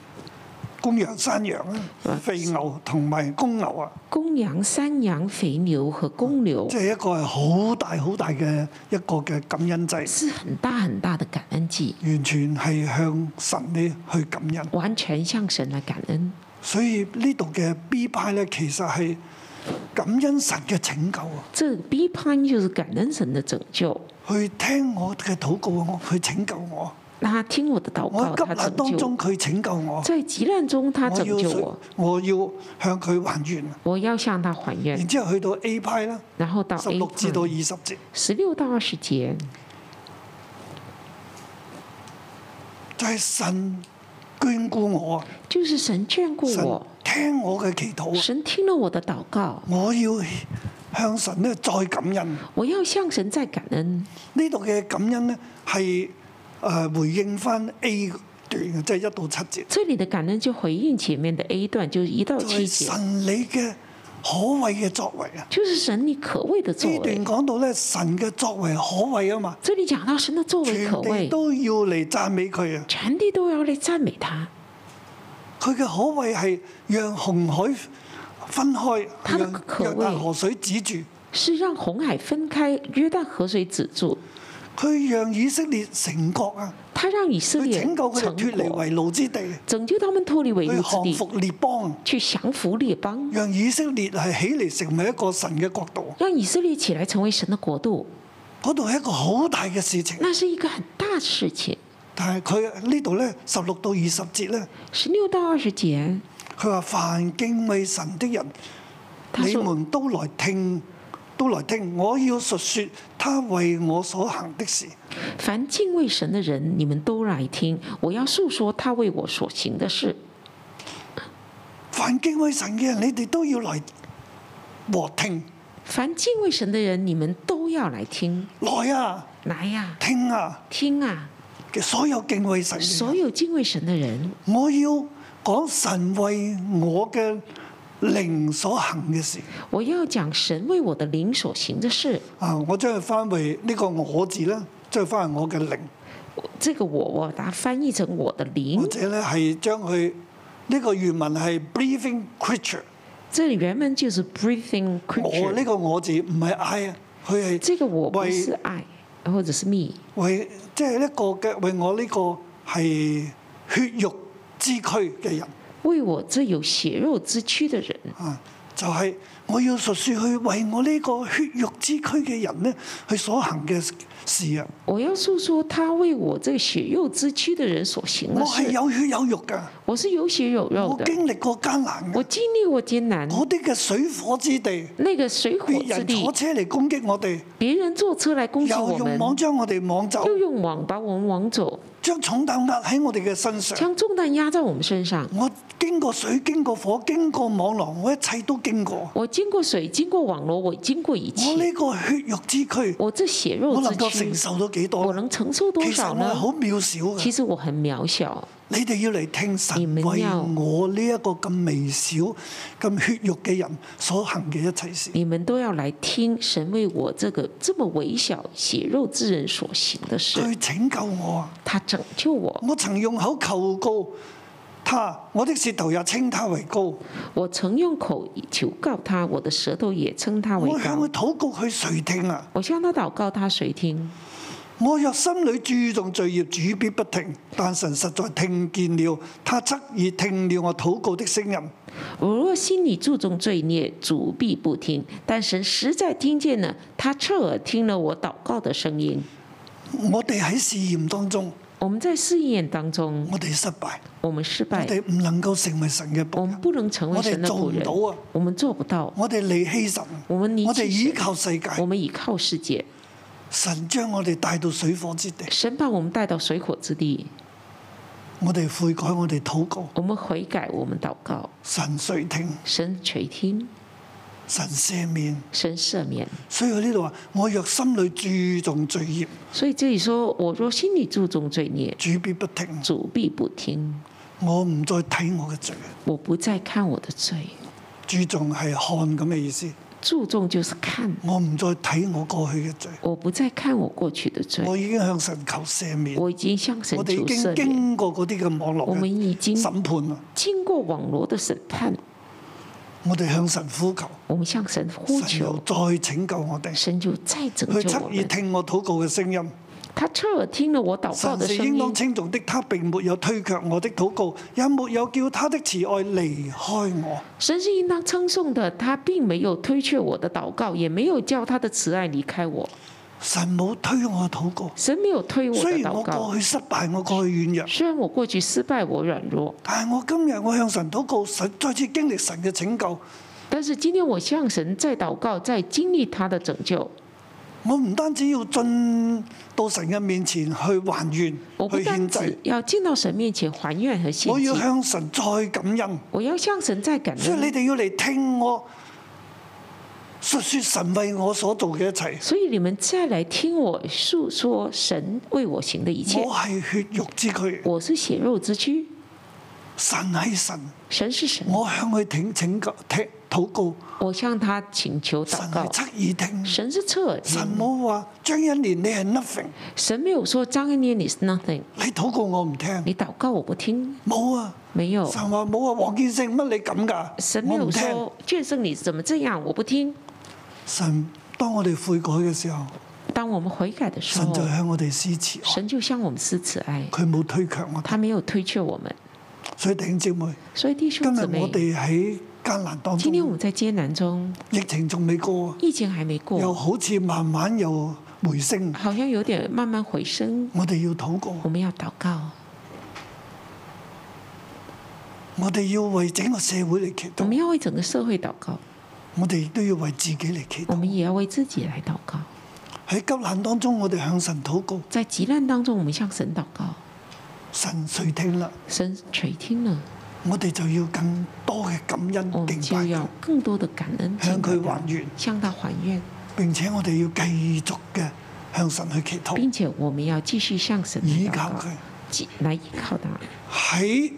公羊、山羊啊，肥牛同埋公牛啊！公羊、山羊、肥牛和公牛。即係、就是、一個係好大好大嘅一個嘅感恩祭。是很大很大嘅感恩祭。完全係向神咧去感恩。完全向神嚟感恩。所以呢度嘅 B 派咧，其實係感恩神嘅拯救啊！即係 B 派就是感恩神嘅拯救，去聽我嘅禱告，我去拯救我。那聽我的禱告，我當中他拯救。在急難中，佢拯救我。在急難中，他拯救我。我要，我要向佢還願。我要向他還願。然之後去到 A 派啦，然後到十六至到二十節。十六到二十節。就係神眷顧我。就是神眷顧我，聽我嘅祈禱。神聽了我的禱告。我要向神咧再感恩。我要向神再感恩。呢度嘅感恩呢，係。誒，回應翻 A 段，即係一到七節。這裡的感恩就回應前面的 A 段，就是、一到七節。神你嘅可畏嘅作為啊，就是神你可畏嘅作為。呢、就是、段講到咧，神嘅作為可畏啊嘛。這裡講到神嘅作為，全地都要嚟讚美佢啊！全地都要嚟讚美他。佢嘅可畏係讓紅海分開，讓約旦河水止住。是讓紅海分開，約旦河水止住。佢讓以色列成國啊！他讓以色列拯救佢哋脫離為奴之地，拯救他們脫離為奴之地，去降服列邦，去降服列邦，讓以色列係起嚟成為一個神嘅國度。讓以色列起嚟成為神嘅國度，嗰度係一個好大嘅事情。那是一個很大嘅事情。但係佢呢度咧，十六到二十節咧，十六到二十節，佢話凡敬畏神的人，你們都來聽。都來聽，我要述說他為我所行的事。凡敬畏神的人，你們都來聽，我要述說他為我所行的事。凡敬畏神嘅人，你哋都要來和聽。凡敬畏神的人，你們都要來聽。來啊！來呀！啊！聽啊！聽啊！所有敬畏神，所有敬畏神的人，我要講神為我嘅。靈所行嘅事，我要講神為我的靈所行嘅事。啊，我將佢翻為呢個我字啦，即係翻為我嘅靈。這個我，我打翻譯成我嘅靈，或者咧係將佢呢個原文係 breathing creature。即係原文就是 breathing creature。我呢個我字唔係 I，佢係。這個我不是 I，或者是 me。為即係一個嘅為我呢個係血肉之軀嘅人。為我這有血肉之軀的人，啊，就係我要述說去為我呢個血肉之軀嘅人咧，去所行嘅事啊！我要述說他為我這血肉之軀嘅人所行。我係有血有肉噶，我是有血有肉，我經歷過艱難，我經歷過艱難。我哋嘅水火之地，那個水火之地，別人坐車嚟攻擊我哋，別人坐車嚟攻擊，又用網將我哋網走，又用網把我們網走。將重擔壓喺我哋嘅身上，將重擔壓在我們身上。我經過水，經過火，經過網絡，我一切都經過。我經過水，經過網絡，我經過一切。我呢個血肉之軀，我這血肉之軀，我能夠承受到幾多？我能承受多少呢？好渺小，其實我很渺小。你哋要嚟聽神為我呢一個咁微小、咁血肉嘅人所行嘅一切事。你們都要嚟聽神為我這個這麼微小，麼血，肉、這個、麼微小血肉之人所行嘅事。佢拯救我啊！他拯救我。我曾用口求告他，我的舌頭也稱他為高。我曾用口求告他，我的舌頭也稱他為高。我向佢禱告，佢誰聽啊？我向他禱告，他誰聽？我若心裏注重罪孽，主必不停；但神實在聽見了，他側耳聽了我禱告的聲音。我若心裏注重罪孽，主必不聽；但神實在聽見了，他側耳聽了我禱告的聲音。我哋喺試驗當中，我們在試驗當中，我哋失敗，我們失敗，我哋唔能夠成為神嘅僕人，我們不能成為神嘅僕人，我哋做唔到啊，我哋做唔到，我哋離棄神，我哋依靠世界，我們倚靠世界。神將我哋帶到水火之地。神把我們帶到水火之地，我哋悔改，我哋禱告。我們悔改，我們禱告。神垂聽。神垂聽。神赦免。神赦免。所以喺呢度話，我若心裏注重罪孽。所以即係說我若心裏注重罪孽，主必不聽。主必不聽。我唔再睇我嘅罪。我不再看我嘅罪。注重係看咁嘅意思。注重就是看。我唔再睇我過去嘅罪。我不再看我過去嘅罪。我已經向神求赦免。我已經向神求赦免。我哋經經過嗰啲嘅網絡嘅審判啦。經，經過網絡的審判，我哋向神呼求。我們向神呼求，神又再拯救我哋。神就再拯救我哋。去側耳聽我禱告嘅聲音。他側耳聽了我禱告的聲音。神是應當稱頌的，他並沒有推卻我的禱告，也沒有叫他的慈愛離開我。神是應當稱頌的，他並沒有推卻我的禱告，也沒有叫他的慈愛離開我。神冇推我禱告，神沒有推我的禱告，雖然我過去失敗，我過去軟弱。雖然我過去失敗，我軟弱，但係我今日我向神禱告，神再次經歷神嘅拯救。但是今天我向神再禱告，再經歷他的拯救。我唔單止要進到神嘅面前去還願，去獻祭。要進到神面前還願和獻祭。我要向神再感恩。我要向神再感恩。所以你哋要嚟聽我述說，說神為我所做嘅一切。所以你們再嚟聽我述說神為我行嘅一切。我係血肉之軀，我是血肉之軀。神係神，神是神。我向佢請請教，聽。禱告，我向他請求禱告。神側耳聽。神是側耳。神冇話張一年你係 nothing。神沒有說張一年你是 nothing。你，你禱告我唔聽，你禱告我不聽。冇啊，沒有。神話冇啊，王建勝乜你咁噶？神沒有說建勝你怎麼這樣，我不聽。神當我哋悔改嘅時候，當我們悔改的時候，神就向我哋施慈愛。神就向我們施慈愛。佢冇推卻我，他沒有推卻我們。所以弟兄姊妹，所以今日我哋喺。艱難當中，今天我們在艱難中，疫情仲未過，疫情還沒過，又好似慢慢又回升，好像有點慢慢回升。我哋要禱告，我們要禱告，我哋要為整個社會嚟祈禱，我們要為整個社會禱告，我哋都要為自己嚟祈禱。我們也要為自己嚟禱告。喺急難當中，我哋向神禱告，在急難當中，我們向神禱告，神垂聽了，神垂聽了。我哋就要更多嘅感恩敬拜，向佢還願，向他還願。並且我哋要繼續嘅向神去祈禱，並且我們要繼續向神，祈禱向神祈禱禱依靠佢，來依靠他喺，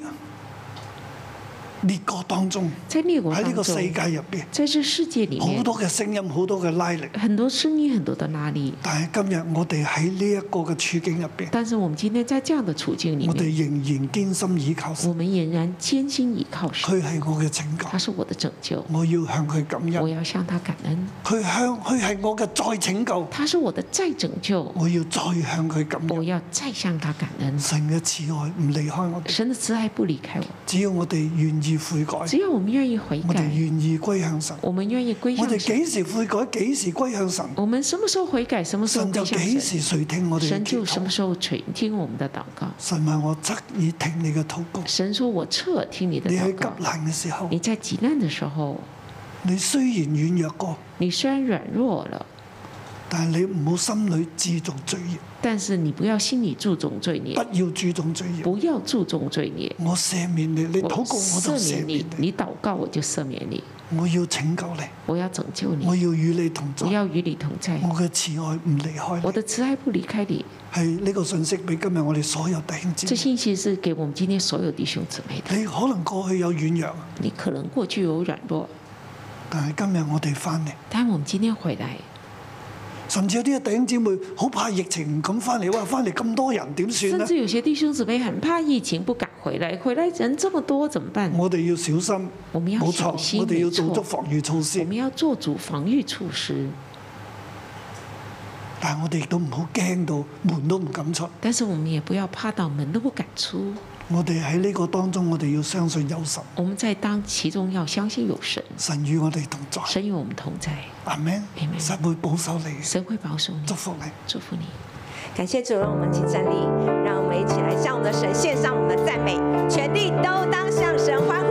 列國當中，喺呢個世界入邊，在這世界裡面，好多嘅聲音，好多嘅拉力，很多聲音，很多的拉力。但係今日我哋喺呢一個嘅處境入邊，但是我們今天在這樣的處境裡面，我哋仍然堅心依靠神，我們仍然堅心依靠神。佢係我嘅拯救，他是我的拯救。我要向佢感恩，我要向他感恩。佢向佢係我嘅再拯救，他是我的再拯救。我要再向佢感恩，我要再向他感恩。神嘅慈愛唔離開我哋，神的慈愛不離開我。只要我哋願意。只要我們願意悔改，我哋願意歸向神。我們願意歸向神。我哋幾時悔改，幾時歸向神？我們什麼時候悔改，什麼時候歸向神，就幾時垂聽我哋禱告。神就什麼時候垂聽我們的禱告。神話，我側耳聽你嘅禱告。神說，我側耳聽你的禱告。你喺急，急難嘅時候，你在急難的時候，你雖然軟弱過，你雖然軟弱了，但係你唔好心裏自重罪孽。但是你不要心裏注重罪孽，不要注重罪孽，不要注重罪孽。我赦免你，你，你，你禱告我就赦免你。我要拯救你，我要拯救你，我要與你同在，我要與你同在。我嘅慈愛唔離開你，我的慈愛不離開你。係呢個信息俾今日我哋所有弟兄姊妹。這信息是給我們今天所有弟兄姊妹的。你可能過去有軟弱，你可能過去有軟弱，但係今日我哋翻嚟，但係我們今天回來。甚至有啲弟兄姊妹好怕疫情唔敢翻嚟，哇！翻嚟咁多人點算咧？甚至有些弟兄姊妹很怕疫情，不敢回來，回來人這麼多，怎麼辦？我哋要小心，冇錯，錯，我哋要做足防禦措施。我哋要做足防禦措施，但係我哋亦都唔好驚到門都唔敢出。但是我們也不要怕到門都不敢出。我哋喺呢個當中，我哋要相信有神。我們在當其中要相信有神。神與我哋同在。神與我們同在。阿門。阿門。神會保守你。神會保守你。祝福你。祝福你。
感謝主，讓我們起站立，讓我們一起來向我們的神獻上我們的讚美，全地都當向神歡呼。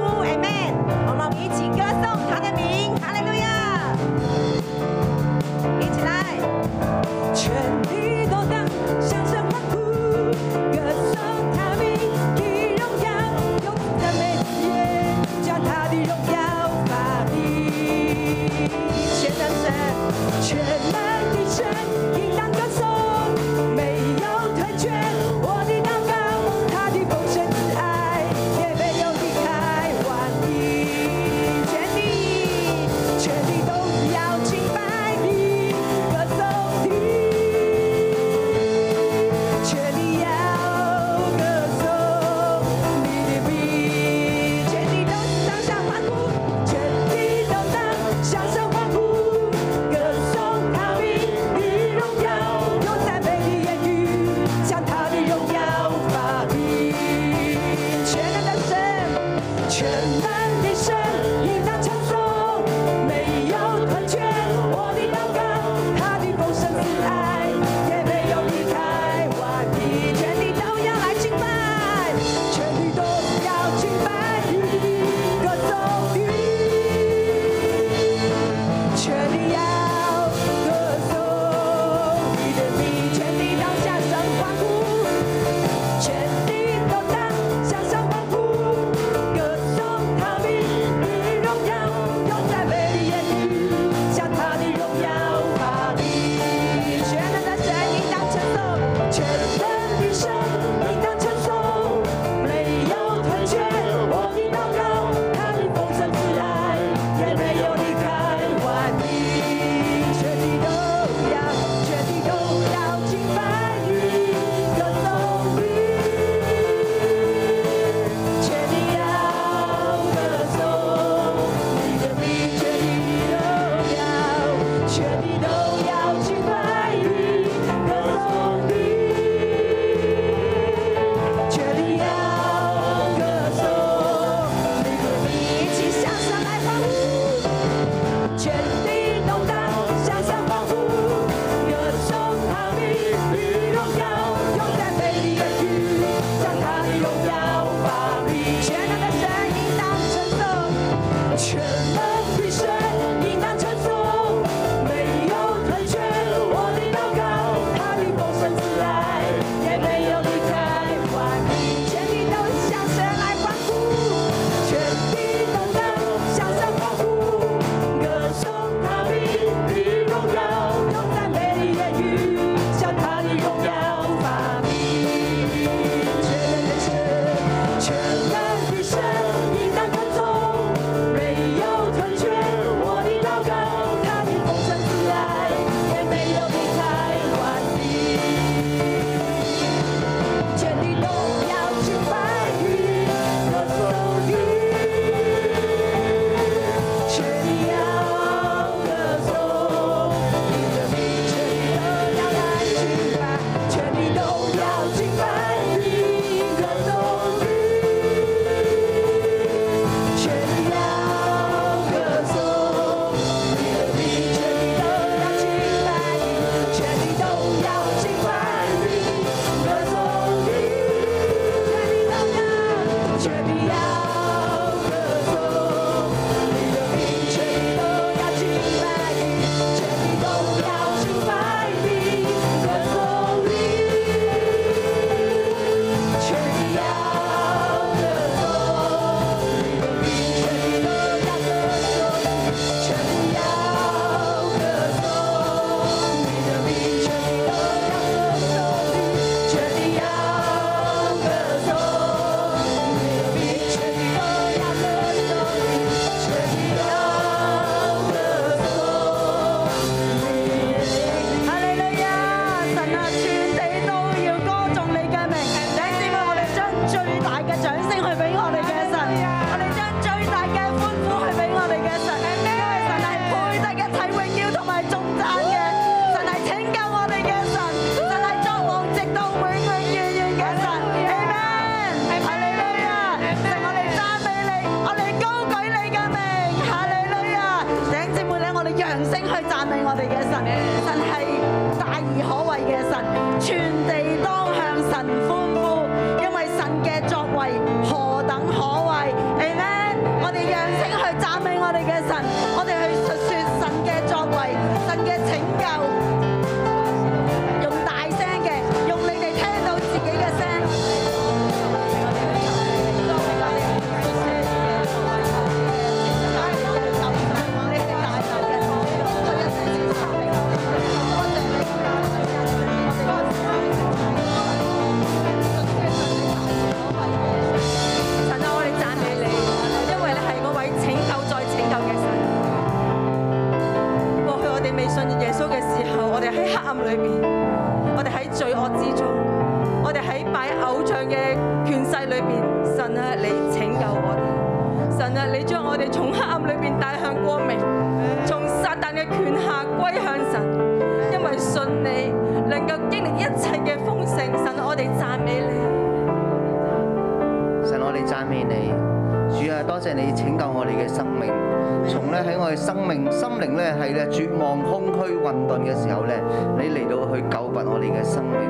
絕望、空虛、混沌嘅時候咧，你嚟到去救拔我哋嘅生命，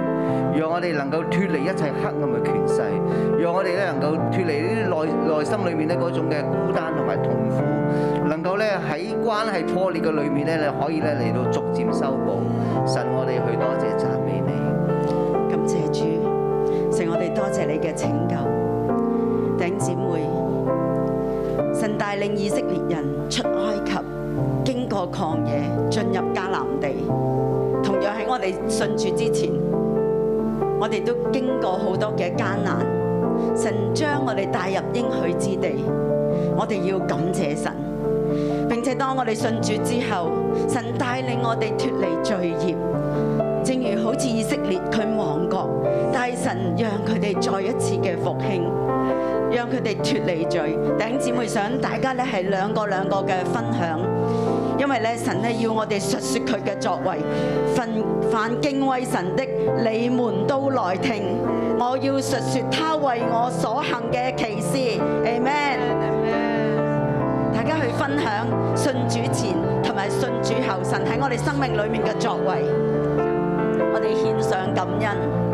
讓我哋能夠脫離一切黑暗嘅權勢，讓我哋咧能夠脫離呢啲內內心裏面咧嗰種嘅孤單同埋痛苦，能夠咧喺關係破裂嘅裏面
咧，你可以咧嚟到逐漸修補。神，我哋去多謝讚美你。感謝主，神我哋多謝你嘅拯救。頂姊妹，神帶領以色列人。曠野進入迦南地，同樣喺我哋信主之前，我哋都經過好多嘅艱難。神將我哋帶入應許之地，我哋要感謝神，並且當我哋信主之後，神帶領我哋脫離罪孽。正如好似以色列佢亡國，大神讓佢哋再一次嘅復興，讓佢哋脫離罪。弟兄姊妹，想大家咧係兩個兩個嘅分享。因為咧，神咧要我哋述說佢嘅作為，凡敬畏神的，你們都來聽。我要述說他為我所行嘅奇事。Amen。Amen. 大家去分享信主前同埋信主後，神喺我哋生命裏面嘅作為，我哋獻上感恩。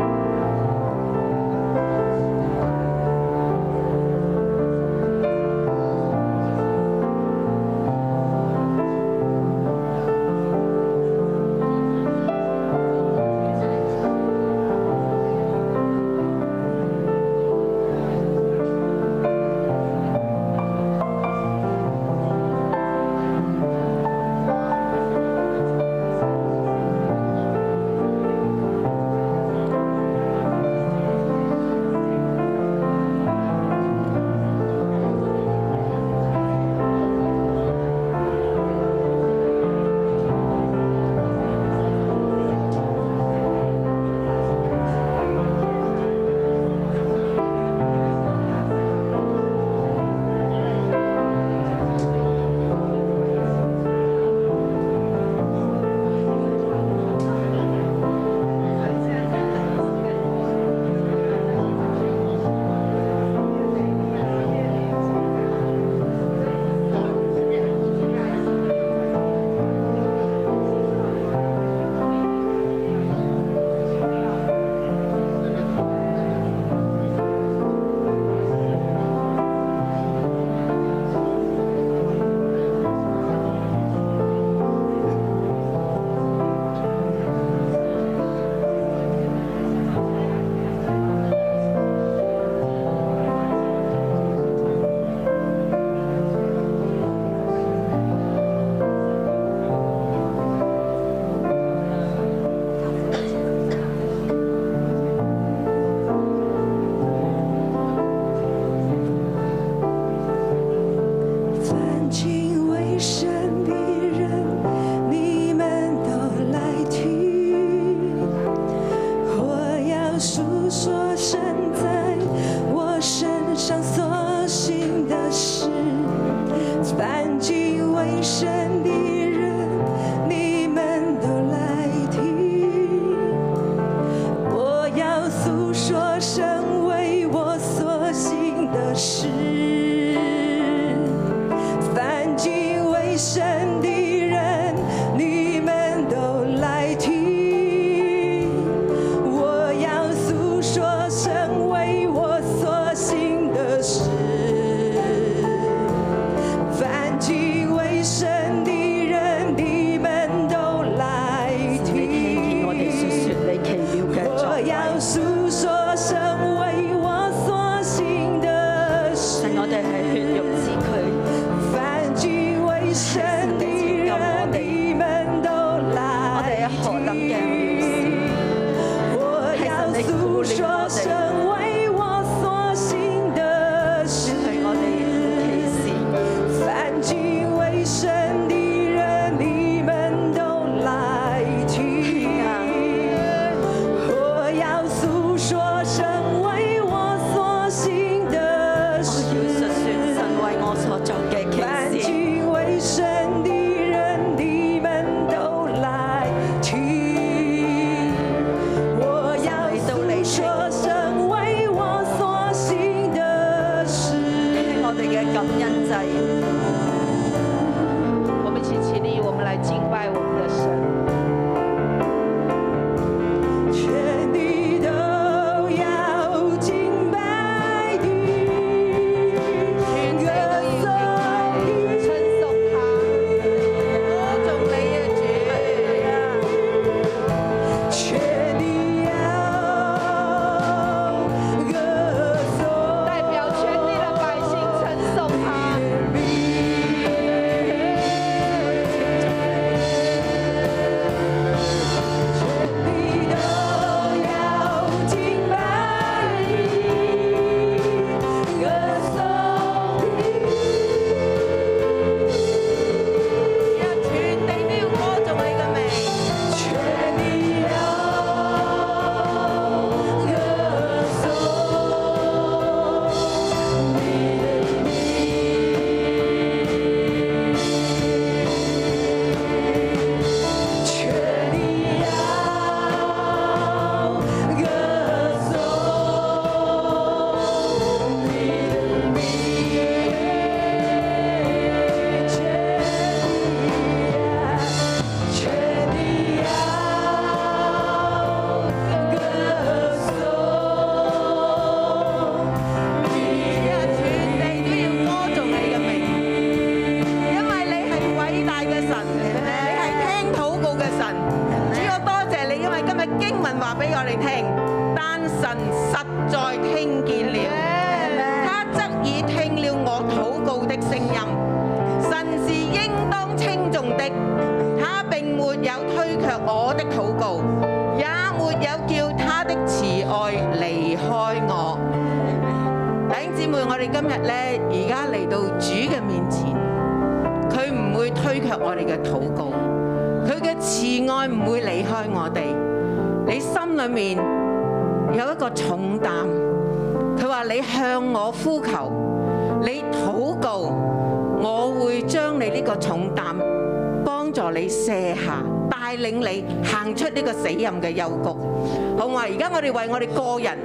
嘅憂鬱，好啊？而家我哋為我哋個人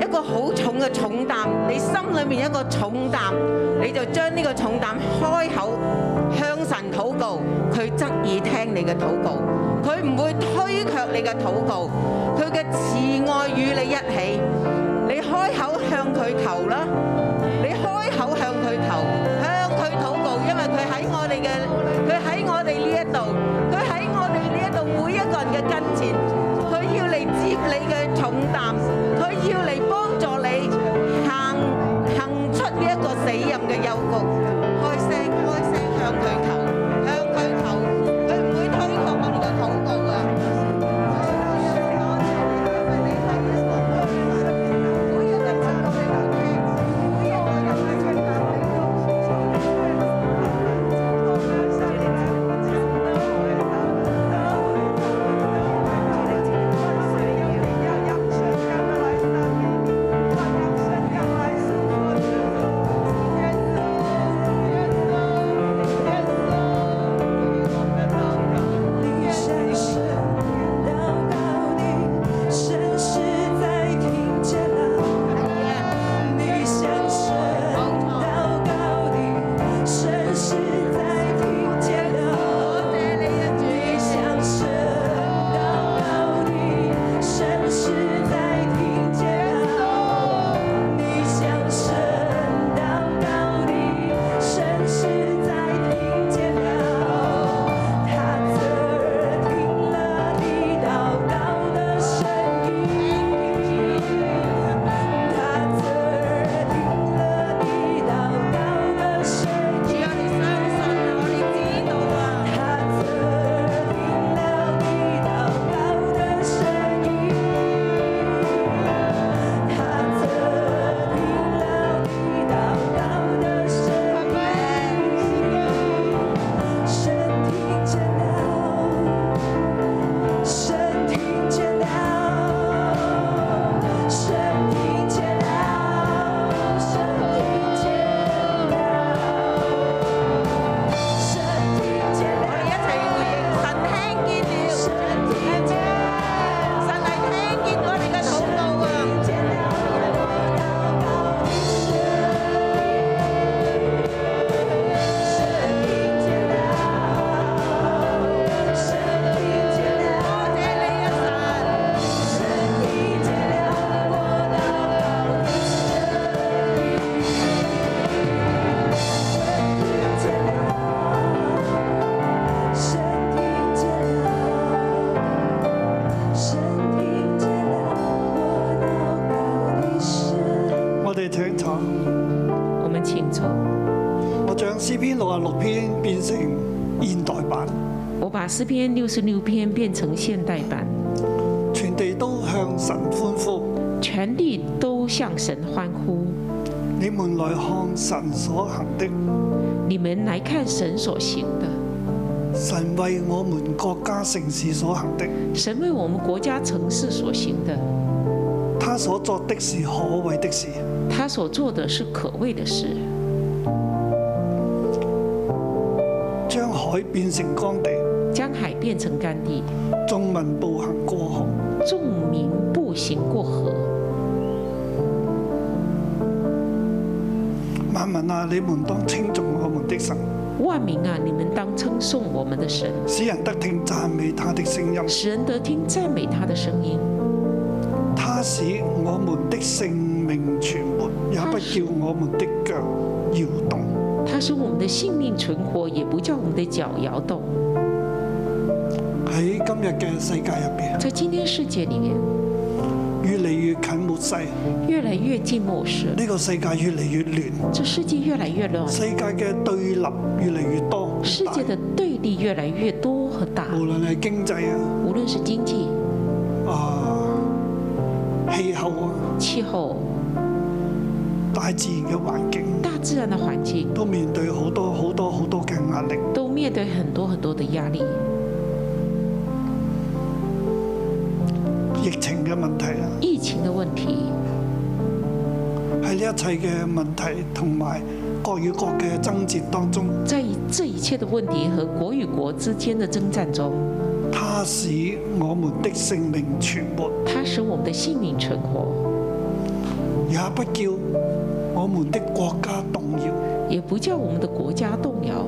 一個好重嘅重擔，你心裡面一個重擔，你就將
詩篇六十六篇變成現代版。全地都向神歡呼。全地都向神歡呼。你們來看神所行的。你們來看神所行的。神為我們國家城市所行的。神為我們國家城市所行的。他所做的是可畏的事。他所做的是可畏的事。將海變成乾地。變成乾地。中文：步行過河。眾名步行過河。萬民啊，你們當稱重我們的神。萬民啊，你們當稱頌我們的神。使人得聽讚美他的聲音。使人得聽讚美他的聲音。
他使
我們的性命全活，也不叫我們的腳搖動。他使我們的性命存活，也不叫我們的腳搖動。今日嘅世界入邊，在今天世界裡面，越嚟越近末世，越嚟越近末世。呢個世界越嚟越亂，這世界越嚟越亂，世界嘅對立越嚟越多，世界的對立越嚟越，越，越多和大。無論係經濟啊，無論是經濟啊，氣候啊，氣候，大自然嘅環境，大自然嘅環境都明。嘅問題啊，疫情嘅問題，喺呢一切嘅問題同埋國與國嘅爭執當中，在這一切的問題和國與國之間的爭戰中，它使我們的性命存活，他使我們的性命存活，也不叫我們的國家動搖。也不叫我們的國家動搖。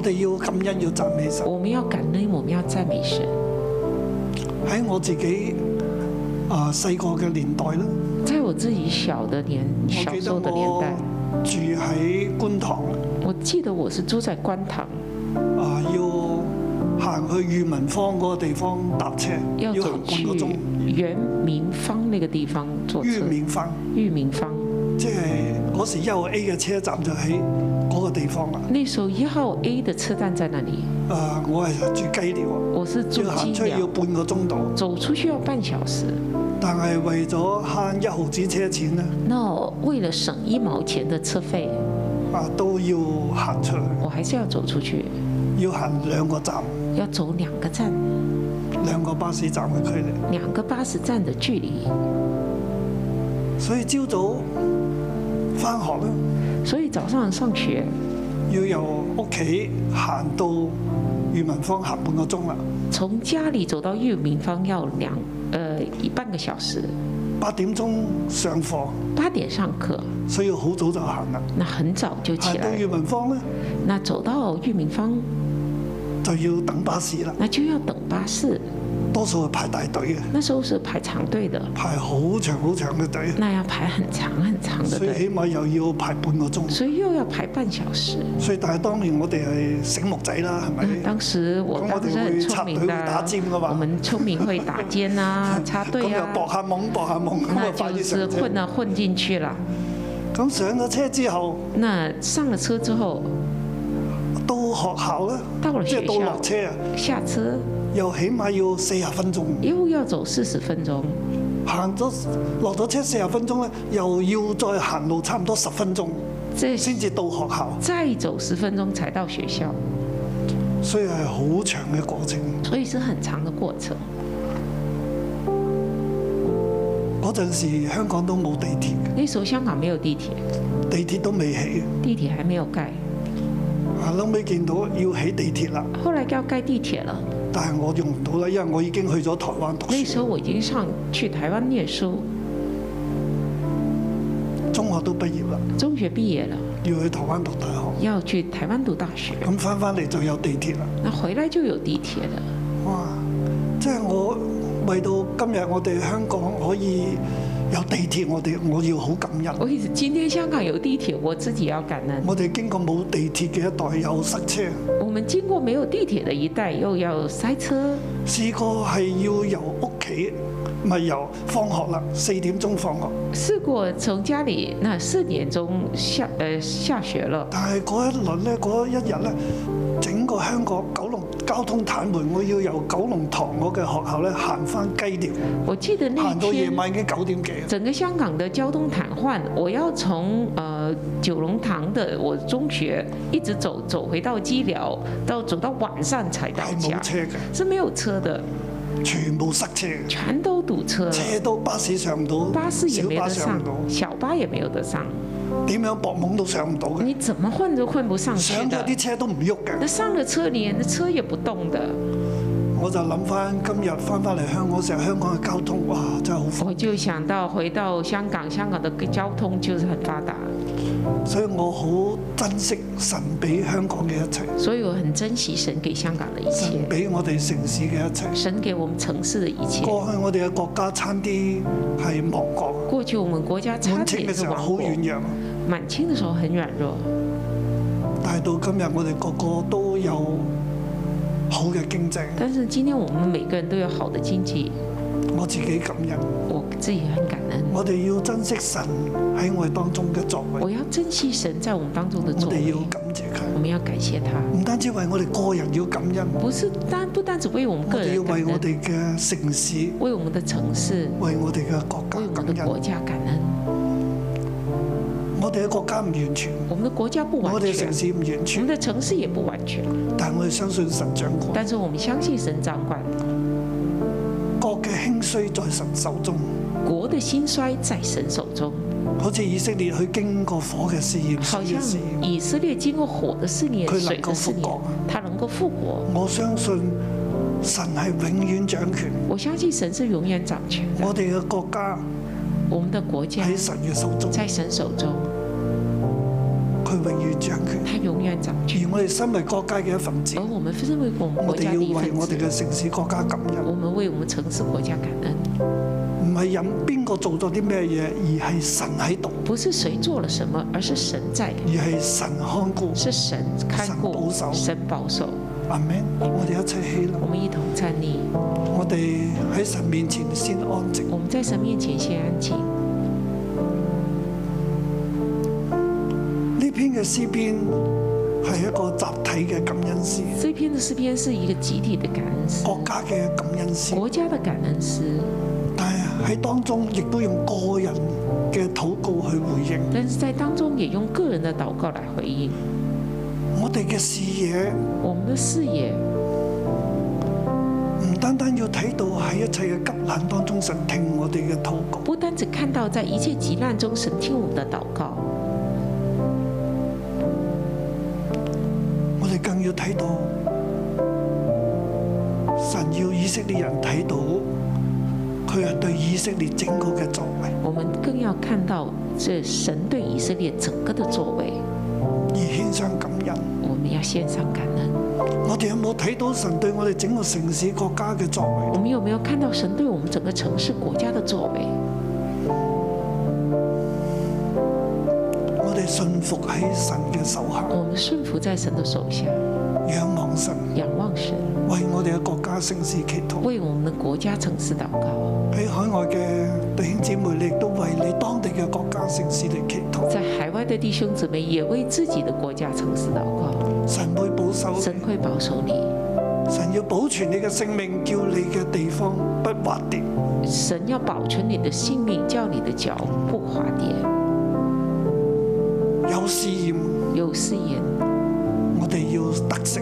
我哋要感恩，要讚美神。我們要感恩，我們要讚美神。喺我自己啊，細個嘅年代啦。在我自己小的年，小時候的年代。住喺觀塘。我記得我是住在觀塘。啊，要行去裕民坊嗰個地方搭車。要走去裕民坊那個地方坐車。裕民坊。裕民坊。即係嗰時一 A 嘅車站就喺。嗰、那個地方啊！那時候一號 A 的車站在哪裡？誒，我係住雞寮啊，我是住雞寮。行出要半個鐘頭。走出去要半小時。但係為咗慳一毫子車錢咧。那為了省一毛錢的車費，啊都要行出去，我還是要走出去。要行兩個站。要走兩個站。兩個巴士站嘅距離。兩個巴士站的距離。所以朝早翻學咧。所以早上上學要由屋企行到裕民坊，行半個鐘啦。從家裏走到裕民坊要兩，呃，一半個小時。八點鐘上課。八點上課。所以好早就行啦。那很早就起來。走到裕民坊呢？那走到裕民坊就要等巴士啦。那就要等巴士。多數係排大隊嘅，那時候是排長隊的，排好長好長嘅隊。那要排很長很長的隊，所以起碼又要排半個鐘。所以又要排半小時。所以但係當年我哋係醒目仔啦，係咪？當時我哋係聰明的，的。我們聰明會打尖啊，插隊啊。咁又搏下懵搏下懵，那就是混啊混進去了。咁上咗車之後，那上了車之後，到學校啦，即係到落車啊，下車。下又起碼要四十分鐘，又要走四十分鐘，行咗落咗車四十分鐘咧，又要再行路差唔多十分鐘，即係先至到學校，再走十分鐘才到學校，所以係好長嘅過程，所以是很長嘅過程。嗰陣時香港都冇地鐵，嗰時香港沒有地鐵，地鐵都未起，地鐵還沒有蓋，都未見到要起地鐵啦，後來要蓋地鐵了。但係我用唔到啦，因為我已經去咗台灣讀書。那時候我已經上去台灣念書，中學都畢業啦。中學畢業啦，要去台灣讀大學。要去台灣讀大學。咁翻翻嚟就有地鐵啦。那回來就有地鐵啦。哇！即係我為到今日我哋香港可以有地鐵，我哋我要好感恩。我意思，今天香港有地鐵，我自己要感恩。我哋經過冇地鐵嘅一代有塞車。我們經過沒有地鐵的一帶，又要塞車。試過係要由屋企咪由放學啦，四點鐘放學。試過從家裡，那四點鐘下，誒、呃、下雪了。但係嗰一輪呢，嗰一日呢，整個香港九龍交通癱瘓，我要由九龍塘嗰個學校咧行返雞寮。我記得呢天到夜晚已經九點幾。整個香港的交通癱瘓，我要從、呃九龍塘的我中學一直走走回到雞寮，到走到晚上才到家，是沒有車的，全部塞車，全都堵車，車都巴士上唔到，巴士也沒得上，小巴，小巴，小巴也沒有得上，點樣搏懵都上唔到，你怎麼混都混不上車的，上咗啲車都唔喐嘅，你上了車連那車也不動的，我就諗翻今日翻翻嚟香港時香港嘅交通哇真係好，我就想到回到香港，香港嘅交通就是很發達。所以我好珍惜神俾香港嘅一切，所以我很珍惜神俾香港的一切，神俾我哋城市嘅一切，神俾我們城市的一切。過去我哋嘅國家差啲係亡國，過去我們的國家差啲係亡國，晚清嘅時候好軟弱，晚清嘅時候很軟弱。但係到今日我哋個個都有好嘅經濟，但是今天我們每個人都有好的經濟。我自己感恩，我自己很感恩。我哋要珍惜神喺我哋當中嘅作為。我要珍惜神在我們當中的作為。我哋要感謝佢，我們要感謝他。唔單止為我哋個人要感恩，不是單不單止為我們個人感恩。我哋要為我哋嘅城市，為我們的城市，為我哋嘅國家感恩。為我們的國家感恩。我哋嘅國家唔完全，我們的國家不完全，我哋嘅城市唔完全，我們的城市也不完全。但我哋相信神掌管，但是我們相信神掌管。衰在神手中，國的興衰在神手中。好似以色列去經過火嘅試驗，好像以色列經過火的試驗，佢能夠復國，它能夠復國。我相信神係永遠掌權，我相信神是永遠掌權。我哋嘅國家，我們的國家喺神嘅手中，在神手中。佢永遠掌權，而我哋身為國家嘅一,一份子，我哋要為我哋嘅城市國家感恩。我們為我們城市國家感恩，唔係任邊個做咗啲咩嘢，而係神喺度。不是誰做了什麼，而是神在。而係神看顧，是神看顧、保守、神保守。阿門。我哋一齊起立，我們一同站立。我哋喺神面前先安靜。我們在神面前先安靜。呢篇嘅詩篇係一個集體嘅感恩詩。這篇嘅詩篇是一個集體嘅感恩詩。國家嘅感恩詩。國家嘅感恩詩。但係喺當中亦都用個人嘅禱告去回應。但是在當中也用個人嘅禱告嚟回應。我哋嘅視野。我們嘅視野唔單單要睇到喺一切嘅急難當中神聽我哋嘅禱告。不單只看到在一切急難中神聽我們的禱告。更要睇到神要以色列人睇到佢係對以色列整個嘅作為。我們更要看到這神對以色列整個嘅作為，而獻上感恩。我們要獻上感恩。我哋有冇睇到神對我哋整個城市國家嘅作為？我們有沒有看到神對我們整個城市國家嘅作為？順服喺神嘅手下，我們順服在神嘅手下，仰望神，仰望神，為我哋嘅國家城市祈禱，為我們嘅國家城市禱告。喺海外嘅弟兄姊妹，你亦都為你當地嘅國家城市嚟祈禱。在海外嘅弟兄姊妹也為自己嘅國家城市禱告。神會保守，神會保守你，神要保存你嘅性命，叫你嘅地方不滑跌；神要保存你嘅性命，叫你嘅腳不滑跌。試驗有試驗，我哋要得勝。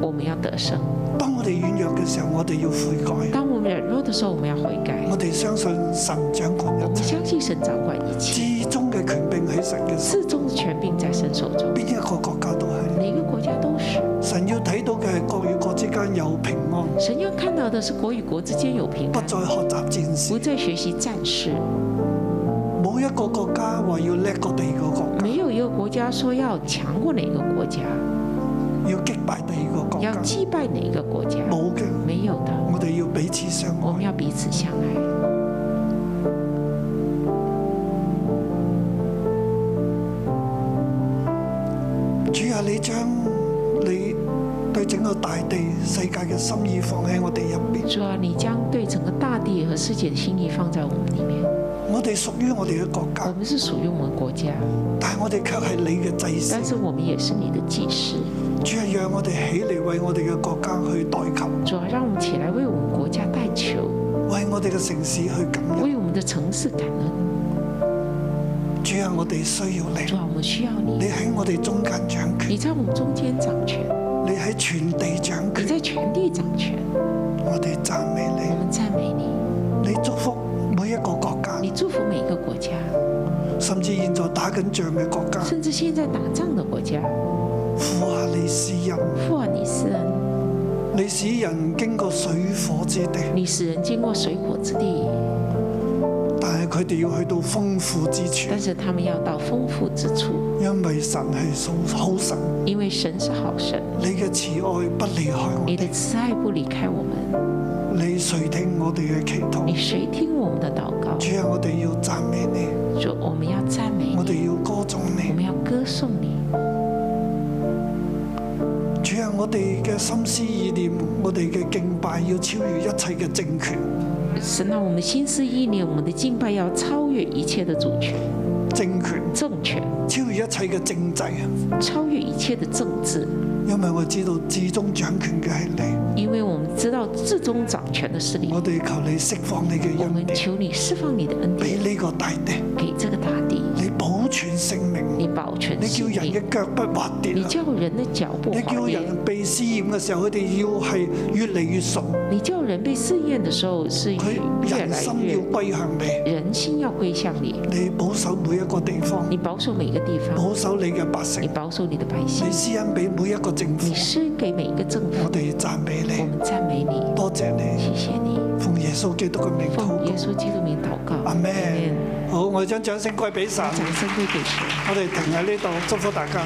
我們要得勝。當我哋軟弱嘅時候，我哋要悔改。當我們弱嘅時候，我們要悔改。我哋相信神掌管一切。相信神掌管一切。至終嘅權柄喺神嘅。至終嘅權柄在神手中。邊一個國家都係。每一個國家都是。神要睇到嘅係國與國之間有平安。神要看到嘅是國與國之間有平安。不再學習戰事。不再學習戰事。冇、嗯、一個國家話要叻過第二個國家。沒有。國家說要強過哪個國家，要擊敗第一個國家。要擊敗哪個國家？冇嘅，沒有的。我哋要彼此相愛，我們要彼此相愛。主啊，你將你對整個大地世界嘅心意放喺我哋入邊。主啊，你將對整個大地和世界嘅心意放在我們裏面。我哋屬於我哋嘅國家，我們是屬於我們國家，但係我哋卻係你嘅祭司。但是我們也是你的祭司。主啊，讓我哋起來為我哋嘅國家去代求。主啊，讓我們起來為我們國家代求。為我哋嘅城市去感恩。為我們的城市感恩。主啊，我哋需要你。我需要你。你喺我哋中間掌權。你在我們中間掌權。你喺全地掌權。你在全地掌權。我哋讚美你。我們讚美你。你祝福每一個國家。你祝福每一個國家，甚至現在打緊仗嘅國家，甚至現在打仗嘅國家。父啊你使人，父啊你使人，你使人經過水火之地，你使人經過水火之地，但係佢哋要去到豐富之處，但是他們要到豐富之處，因為神係好神，因為神是好神，你嘅慈愛不離開我，你嘅慈愛不離開我們，你誰聽我哋嘅祈禱，你誰聽我們的禱主啊，我哋要讚美你。主，我們要讚美你。我哋要歌頌你。我們要歌頌你。主啊，我哋嘅心思意念，我哋嘅敬拜要超越一切嘅政權。神啊，我們心思意念，我們的敬拜要超越一切的主權。政權。政權。超越一切嘅政制。超越一切的政治。因為我知道，最終掌權嘅係你。因為。知道至終掌權嘅是你，我哋求你釋放你嘅恩典。我們求你釋放你的恩典，俾呢個大地，俾這個大地，你保存性命，你保全，你叫人嘅腳不滑跌，你叫人嘅腳步，你叫人被試驗嘅時候，佢哋要係越嚟越熟。你叫人被試驗的時候，是佢人心要歸向你，人心要歸向你。你保守每一個地方，你保守每個地方，保守你嘅百姓，你保守你嘅百姓，你施恩俾每一個政府，施恩給每一個政府。我哋要讚美你，我們讚美你，多謝你，謝謝你。奉耶穌基督嘅名，奉耶穌基督嘅名禱告。阿門。好，我將掌聲歸俾神，掌聲歸佢。我哋停喺呢度，祝福大家。